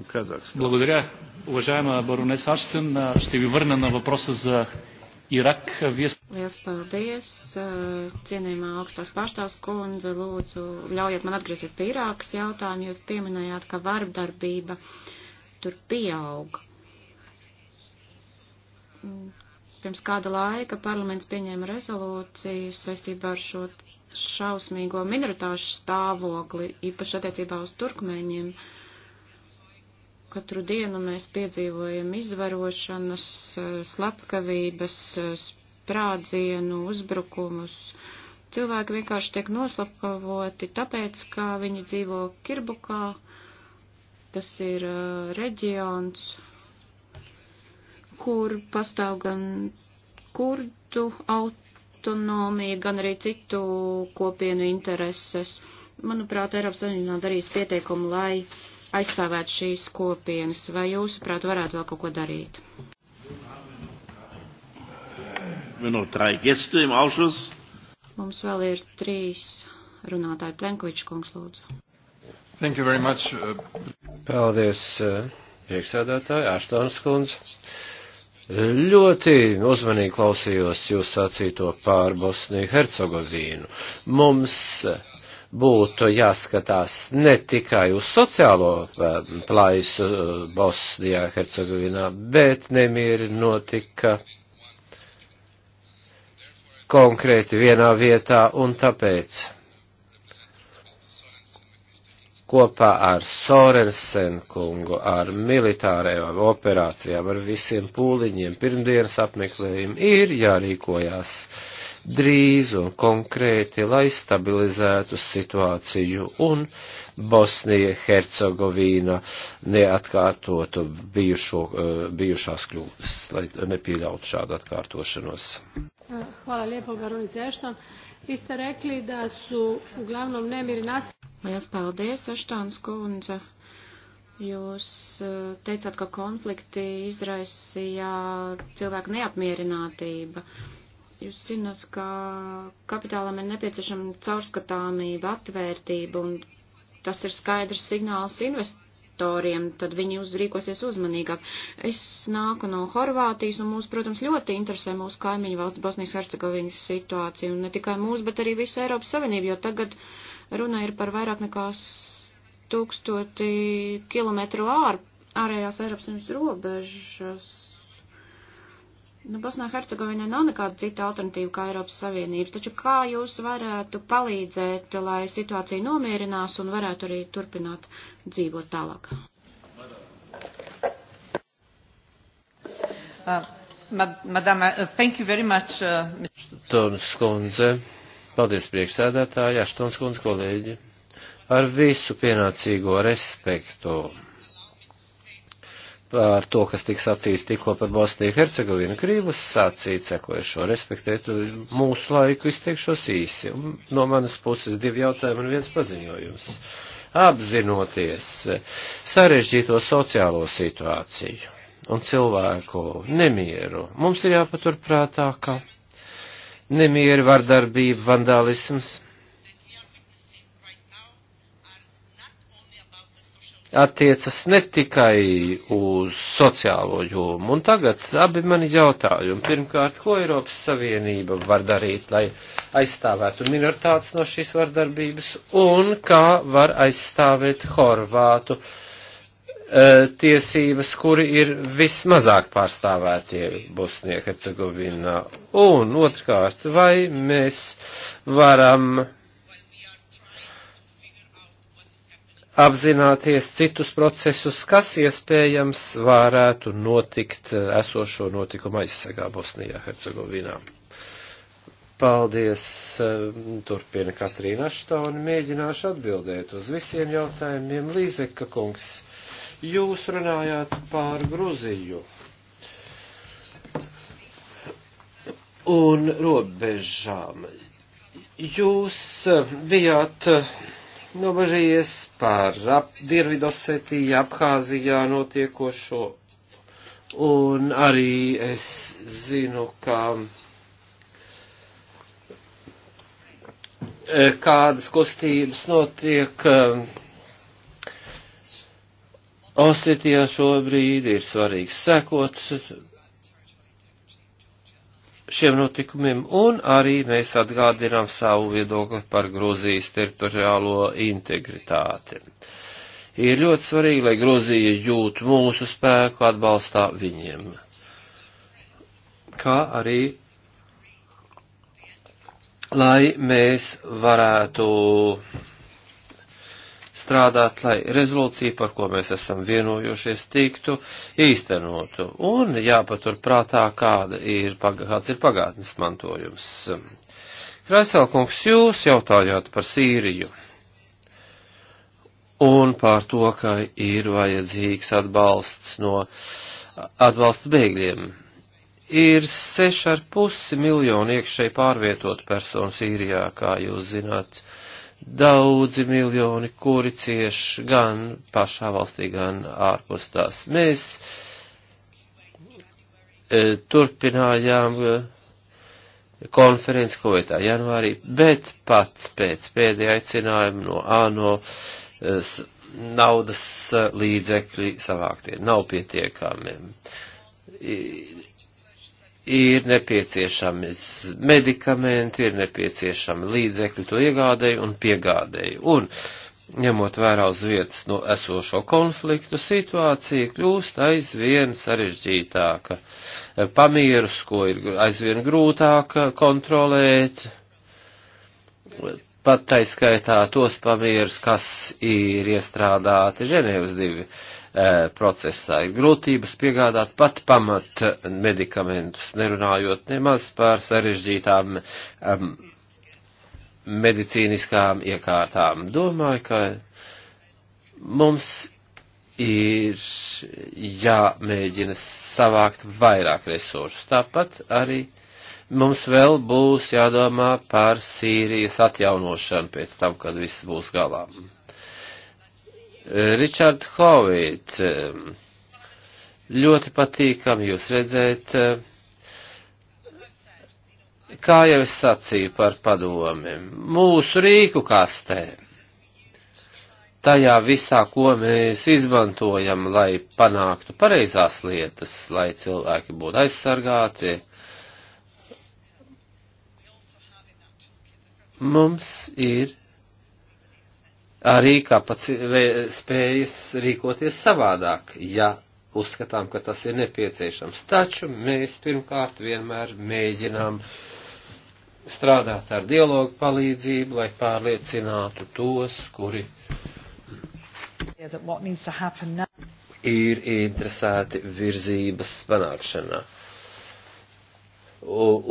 Speaker 3: Казахстан. Благодаря. Уважаема баронес Аштен, ще ви върна на въпроса за Ирак. Вие... Liels
Speaker 1: paldies, cienījumā augstās pārstāvs kundze, lūdzu, ļaujiet man atgriezties pie Irākas jautājuma. Jūs pieminējāt, ka varbdarbība tur pieaug. Pirms kāda laika parlaments pieņēma rezolūciju saistībā ar šo šausmīgo minoritāšu stāvokli, īpaši attiecībā uz turkmeņiem. Uh, Katru dienu mēs piedzīvojam izvarošanas, eh, slepkavības, eh, sprādzienu, uzbrukumus. Cilvēki vienkārši tiek noslapkavoti tāpēc, ka viņi dzīvo Kirbukā, tas ir uh, reģions, kur pastāv gan kurdu autonomija, gan arī citu kopienu intereses. Manuprāt, Eiropas Savienībā darīs pieteikumu, lai aizstāvēt šīs kopienas, vai jūsuprāt varētu vēl kaut ko darīt? Mums vēl ir trīs runātāji. Plenkovičs kungs, lūdzu.
Speaker 3: Thank you very much. Uh, Paldies, uh, priekšsēdētāji, Aštons kundz. Ļoti uzmanīgi klausījos jūs sacīto pār Bosniju Hercegovīnu. Mums būtu jāskatās ne tikai uz sociālo eh, plaisu eh, Bosnijā, Hercegovinā, bet nemieri notika konkrēti vienā vietā un tāpēc kopā ar Sorensen kungu, ar militārajām operācijām, ar visiem pūliņiem, pirmdienas apmeklējumiem ir jārīkojās. Ja drīz un konkrēti, lai stabilizētu situāciju un Bosnija Hercegovīna neatkārtotu bijušo, eh, bijušās kļūdas, lai nepieļautu šādu atkārtošanos.
Speaker 2: Hvala lijepo, baronice Ešton. Vi ste rekli da su uglavnom nemiri nastavili.
Speaker 1: Lielas paldies, Eštons kundze. Jūs eh, teicāt, ka konflikti izraisīja cilvēku neapmierinātība. Uh, Jūs zināt, ka kapitālam ir nepieciešama caurskatāmība, atvērtība, un tas ir skaidrs signāls investoriem, tad viņi uzrīkosies uzmanīgāk. Es nāku no Horvātijas, un mūs, protams, ļoti interesē mūsu kaimiņu valsts Bosnijas Hercegovinas situācija, un ne tikai mūsu, bet arī visu Eiropas Savienību, jo tagad runa ir par vairāk nekā tūkstoti kilometru ār, ārējās Eiropas Savienības robežas Nu, Bosnā-Hercegovina nav nekāda cita alternatīva kā Eiropas Savienība, taču kā jūs varētu palīdzēt, lai situācija nomierinās un varētu arī turpināt dzīvot tālāk? Uh, mad madame, uh, thank you very much. Uh,
Speaker 3: Tons kundze, paldies priekšsēdētāji, Aštons kundze, kolēģi. Ar visu pienācīgo respektu par to, kas tiks sacīts tikko par Bosniju Hercegovinu, gribu sacīt sekojušo, respektēt mūsu laiku, izteikšos īsi. No manas puses divi jautājumi un viens paziņojums. Apzinoties sarežģīto sociālo situāciju un cilvēku nemieru, mums ir jāpaturprātā, ka nemieri, vardarbība, vandālisms attiecas ne tikai uz sociālo jomu. Un tagad abi mani jautājumi. Pirmkārt, ko Eiropas Savienība var darīt, lai aizstāvētu minoritātes no šīs vardarbības, un kā var aizstāvēt Horvātu e, tiesības, kuri ir vismazāk pārstāvētie Bosnijā, Hercegovinā. Un otrkārt, vai mēs varam apzināties citus procesus, kas iespējams varētu notikt eh, esošo notikumu aizsegā Bosnijā, Hercegovinā. Paldies, eh, turpina Katrīna Aštoni, mēģināšu atbildēt uz visiem jautājumiem. Līzeka kungs, jūs runājāt pār Gruziju un robežām. Jūs eh, bijāt nobažījies par ap, Dienvidosetiju, Abhāzijā notiekošo, un arī es zinu, ka e, kādas kustības notiek e, Osetijā šobrīd, ir svarīgs sekot šiem notikumiem, un arī mēs atgādinām savu viedokli par Grūzijas teritoriālo integritāti. Ir ļoti svarīgi, lai Grūzija jūt mūsu spēku atbalstā viņiem, kā arī, lai mēs varētu strādāt, lai rezolūcija, par ko mēs esam vienojušies, tiktu īstenotu. Un jāpatur prātā, kāda ir, kāds ir pagātnes mantojums. Kraiselkungs, jūs jautājāt par Sīriju un par to, ka ir vajadzīgs atbalsts no atbalsts bēgļiem. Ir 6,5 miljoni iekšēji pārvietotu personu Sīrijā, kā jūs zināt, uh, daudzi miljoni, kuri cieš gan pašā valstī, gan ārpus tās. Mēs e, turpinājām e, konferenci Kuveitā janvārī, bet pat pēc pēdējā aicinājuma no ANO e, naudas e, līdzekļi savāktie nav pietiekami. E, ir nepieciešami medikamenti, ir nepieciešami līdzekļi to iegādēju un piegādēju. Un, ņemot vērā uz vietas no esošo konfliktu, situācija kļūst aizvien sarežģītāka. Pamierus, ko ir aizvien grūtāk kontrolēt, pat taiskaitā tos pamierus, kas ir iestrādāti Ženēvas divi E, procesā. Ir grūtības piegādāt pat pamat medikamentus, nerunājot nemaz par sarežģītām um, medicīniskām iekārtām. Domāju, ka mums ir jāmēģina savākt vairāk resursu. Tāpat arī mums vēl būs jādomā par Sīrijas atjaunošanu pēc tam, kad viss būs galām Richard Howitt, um, ļoti patīkami jūs redzēt, kā jau es sacīju par padomi, mūsu rīku kastē, tajā visā, ko mēs izmantojam, lai panāktu pareizās lietas, lai cilvēki būtu aizsargāti, mums ir arī kapaci, spējas rīkoties savādāk, ja uzskatām, ka tas ir nepieciešams. Taču mēs pirmkārt vienmēr mēģinām strādāt ar dialogu palīdzību, lai pārliecinātu tos, kuri ir interesēti virzības panākšanā.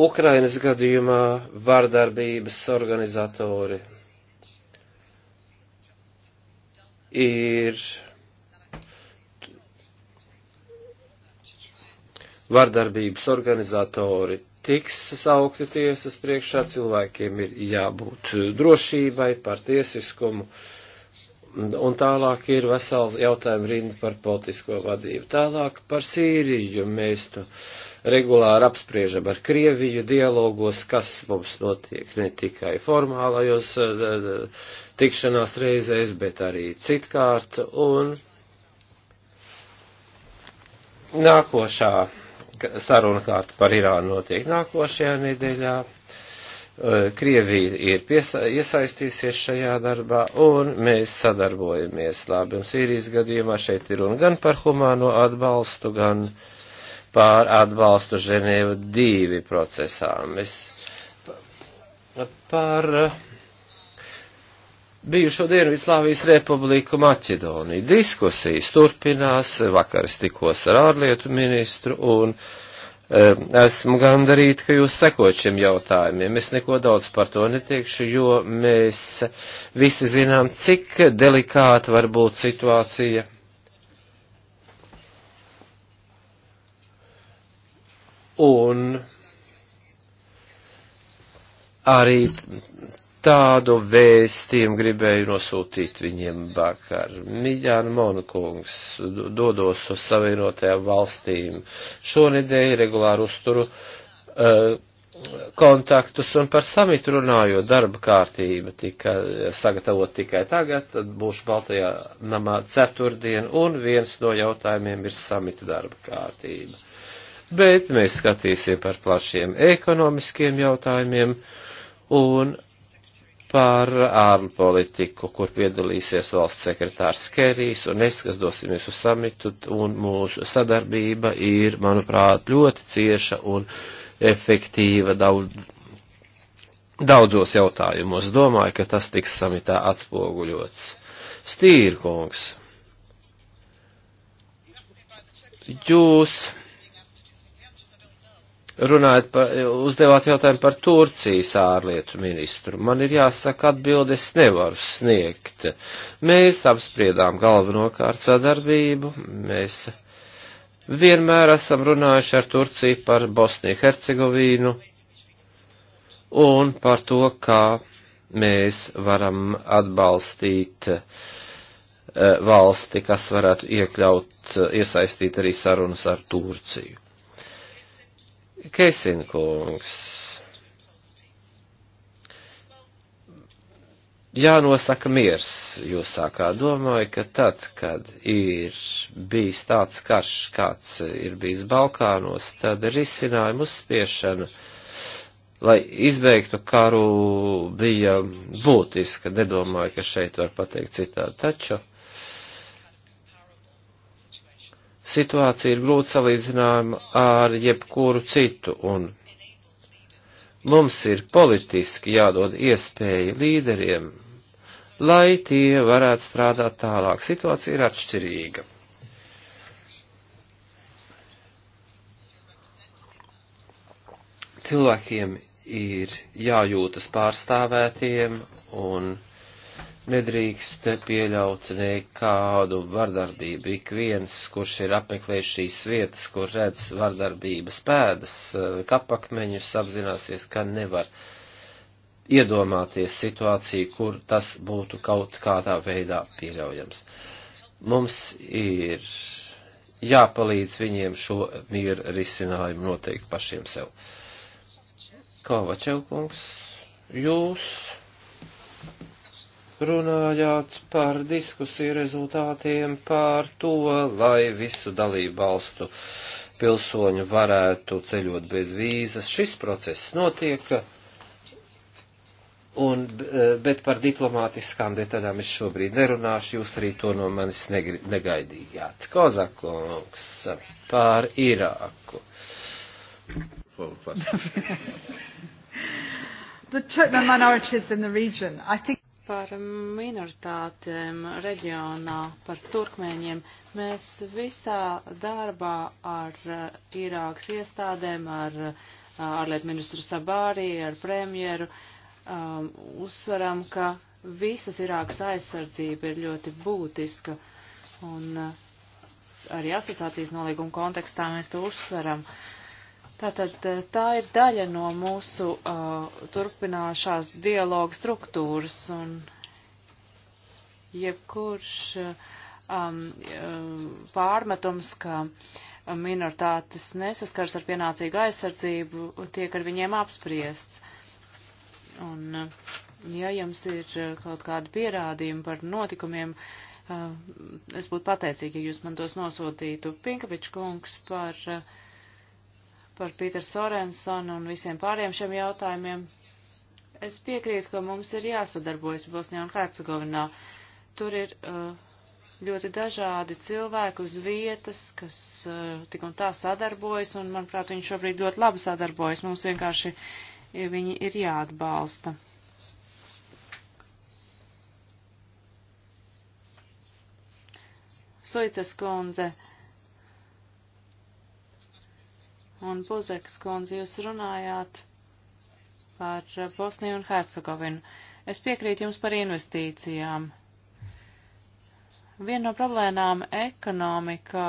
Speaker 3: Ukrainas gadījumā vārdarbības organizatori ir vardarbības organizatori tiks saukti tiesas priekšā, cilvēkiem ir jābūt drošībai par tiesiskumu, un tālāk ir vesels jautājumi rinda par politisko vadību. Tālāk par Sīriju mēs tu regulāri apspriežam ar Krieviju dialogos, kas mums notiek ne tikai formālajos eh, eh, tikšanās reizēs, bet arī citkārt. Un nākošā saruna kārta par Irānu notiek nākošajā nedēļā. Eh, Krievija ir piesa, iesaistīsies šajā darbā, un mēs sadarbojamies labi. Un Sīrijas gadījumā šeit ir un gan par humāno atbalstu, gan uh, pār atbalstu Ženēvu divi procesām. Es par eh, bijušo Dienvidslāvijas republiku Maķedoniju. Diskusijas turpinās, vakar es tikos ar ārlietu ministru un eh, esmu gandarīti, ka jūs sekot šiem jautājumiem. Es neko daudz par to netiekšu, jo mēs visi zinām, cik delikāta var būt situācija un arī tādu vēstījumu gribēju nosūtīt viņiem vakar. Miģāna Monkungs dodos uz savienotajām valstīm. Šonedēļ regulāri uzturu uh, kontaktus un par samitu runājot darba kārtība tika sagatavot tikai tagad, tad būšu Baltajā namā ceturtdien un viens no jautājumiem ir samita darba kārtība bet mēs skatīsim par plašiem ekonomiskiem jautājumiem un par ārpolitiku, kur piedalīsies valsts sekretārs Kerijs un es, kas dosimies uz samitu, un mūsu sadarbība ir, manuprāt, ļoti cieša un efektīva daudz, daudzos jautājumos. Domāju, ka tas tiks samitā atspoguļots. Stīrkungs, jūs runājot par, uzdevāt jautājumu par Turcijas ārlietu ministru. Man ir jāsaka atbildes nevaru sniegt. Mēs apspriedām galvenokārt sadarbību, mēs vienmēr esam runājuši ar Turciju par Bosniju Hercegovīnu un par to, kā mēs varam atbalstīt eh, valsti, kas varētu iekļaut, eh, iesaistīt arī sarunas ar Turciju. Keisinkungs. jānosaka miers. Jūs sākāt domāju, ka tad, kad ir bijis tāds karš, kāds ir bijis Balkānos, tad risinājuma uzspiešana, lai izbeigtu karu, bija būtiska. Nedomāju, ka šeit var pateikt citādi. Taču situācija ir grūti salīdzināma ar jebkuru citu, un mums ir politiski jādod iespēja līderiem, lai tie varētu strādāt tālāk. Situācija ir atšķirīga. Cilvēkiem ir jājūtas pārstāvētiem un nedrīkst pieļaut nekādu vardarbību. Ik viens, kurš ir apmeklējis šīs vietas, kur redz vardarbības pēdas, eh, kapakmeņus, apzināsies, ka nevar iedomāties situāciju, kur tas būtu kaut kādā veidā pieļaujams. Mums ir jāpalīdz viņiem šo mieru risinājumu noteikt pašiem sev. Kovačevkungs, jūs runājāt par diskusiju rezultātiem par to, lai visu dalību valstu pilsoņu varētu ceļot bez vīzas. Šis process notiek, un, bet par diplomātiskām detaļām es šobrīd nerunāšu, jūs arī to no manis negaidījāt. Kozakungs par Irāku. the, the minorities
Speaker 2: in the region. I think par minoritātēm reģionā, par turkmēņiem. Mēs visā darbā ar eh, Irākas iestādēm, ar eh, ārlietu ministru Sabārī, ar premjeru um, uzsveram, ka visas Irākas aizsardzība ir ļoti būtiska. Un eh, arī asociācijas nolīguma kontekstā mēs to uzsveram. Uh, Tātad eh, tā ir daļa no mūsu uh, eh, turpināšās dialogu struktūras un jebkurš um, pārmetums, ka minoritātes nesaskars ar pienācīgu aizsardzību, tiek ar viņiem apspriests. Un, ja jums ir kaut kāda pierādījuma par notikumiem, uh, es būtu pateicīgi, ja jūs man tos nosūtītu. Pinkavičs kungs par uh, par Pīteru Sorensonu un visiem pāriem šiem jautājumiem. Es piekrītu, ka mums ir jāsadarbojas Bosnijā un Hercegovinā. Tur ir uh, ļoti dažādi cilvēki uz vietas, kas uh, tik un tā sadarbojas, un, manuprāt, viņi šobrīd ļoti labi sadarbojas. Mums vienkārši viņi ir jāatbalsta. Suicas kundze. Uh, Un Buzeks kundze, jūs runājāt par Bosniju un Hercegovinu. Es piekrītu jums par investīcijām. Viena no problēmām ekonomikā,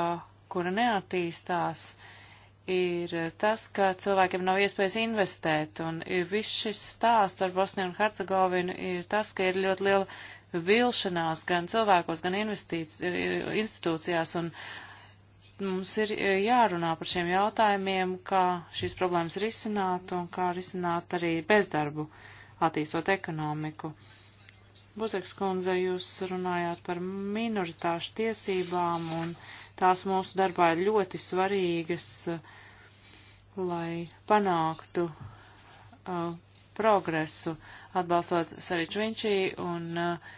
Speaker 2: kura neattīstās, ir tas, ka cilvēkiem nav iespējas investēt, un viss šis stāsts ar Bosniju un Hercegovinu ir tas, ka ir ļoti liela vilšanās gan cilvēkos, gan institūcijās, un mums ir e, jārunā par šiem jautājumiem, kā šīs problēmas risināt un kā risināt arī bezdarbu, attīstot ekonomiku. Buzeks kundze, jūs runājāt par minoritāšu tiesībām un tās mūsu darbā ir ļoti svarīgas, lai panāktu uh, progresu, atbalstot Sariču Vinčī un uh,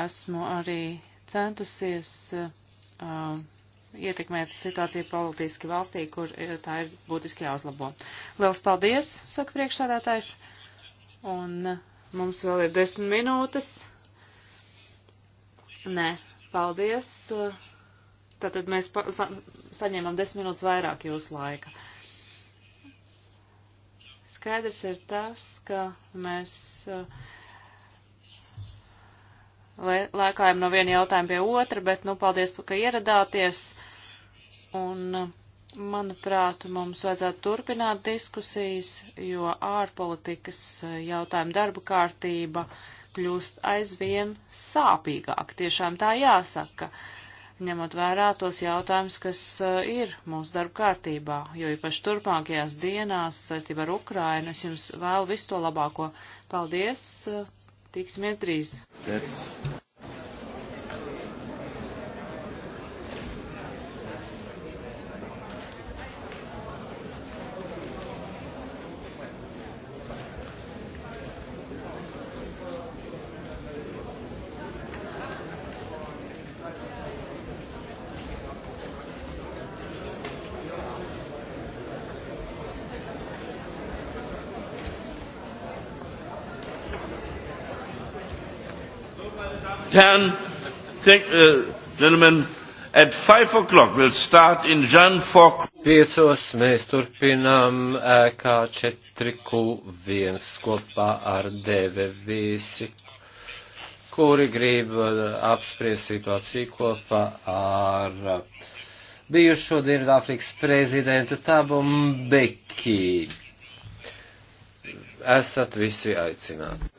Speaker 2: esmu arī centusies uh, uh, ietekmēt situāciju politiski valstī, kur eh, tā ir būtiski jāuzlabo. Liels paldies, saka priekšsādātājs, un eh, mums vēl ir desmit minūtes. Nē, paldies. Tātad mēs sa saņēmām desmit minūtes vairāk jūsu laika. Skaidrs ir tas, ka mēs. Uh, lēkājam no viena jautājuma pie otra, bet, nu, paldies, ka ieradāties. Un, manuprāt, mums vajadzētu turpināt diskusijas, jo ārpolitikas eh, jautājuma darba kārtība kļūst aizvien sāpīgāk. Tiešām tā jāsaka, ņemot vērā tos jautājumus, kas eh, ir mūsu darba kārtībā, jo īpaši turpmākajās dienās saistībā ar Ukrainu es jums vēlu visu to labāko. Paldies! Eh, Tiksimies drīz! That's...
Speaker 3: Herren, thank, uh, gentlemen, at 5 o'clock we'll start in Jan 4. Piecos mēs turpinām ēkā 4Q1 kopā ar DV visi, kuri grib uh, apspriest situāciju kopā ar uh, bijušo Dienvidāfrikas prezidentu Tabu Mbeki esat visi aicināti.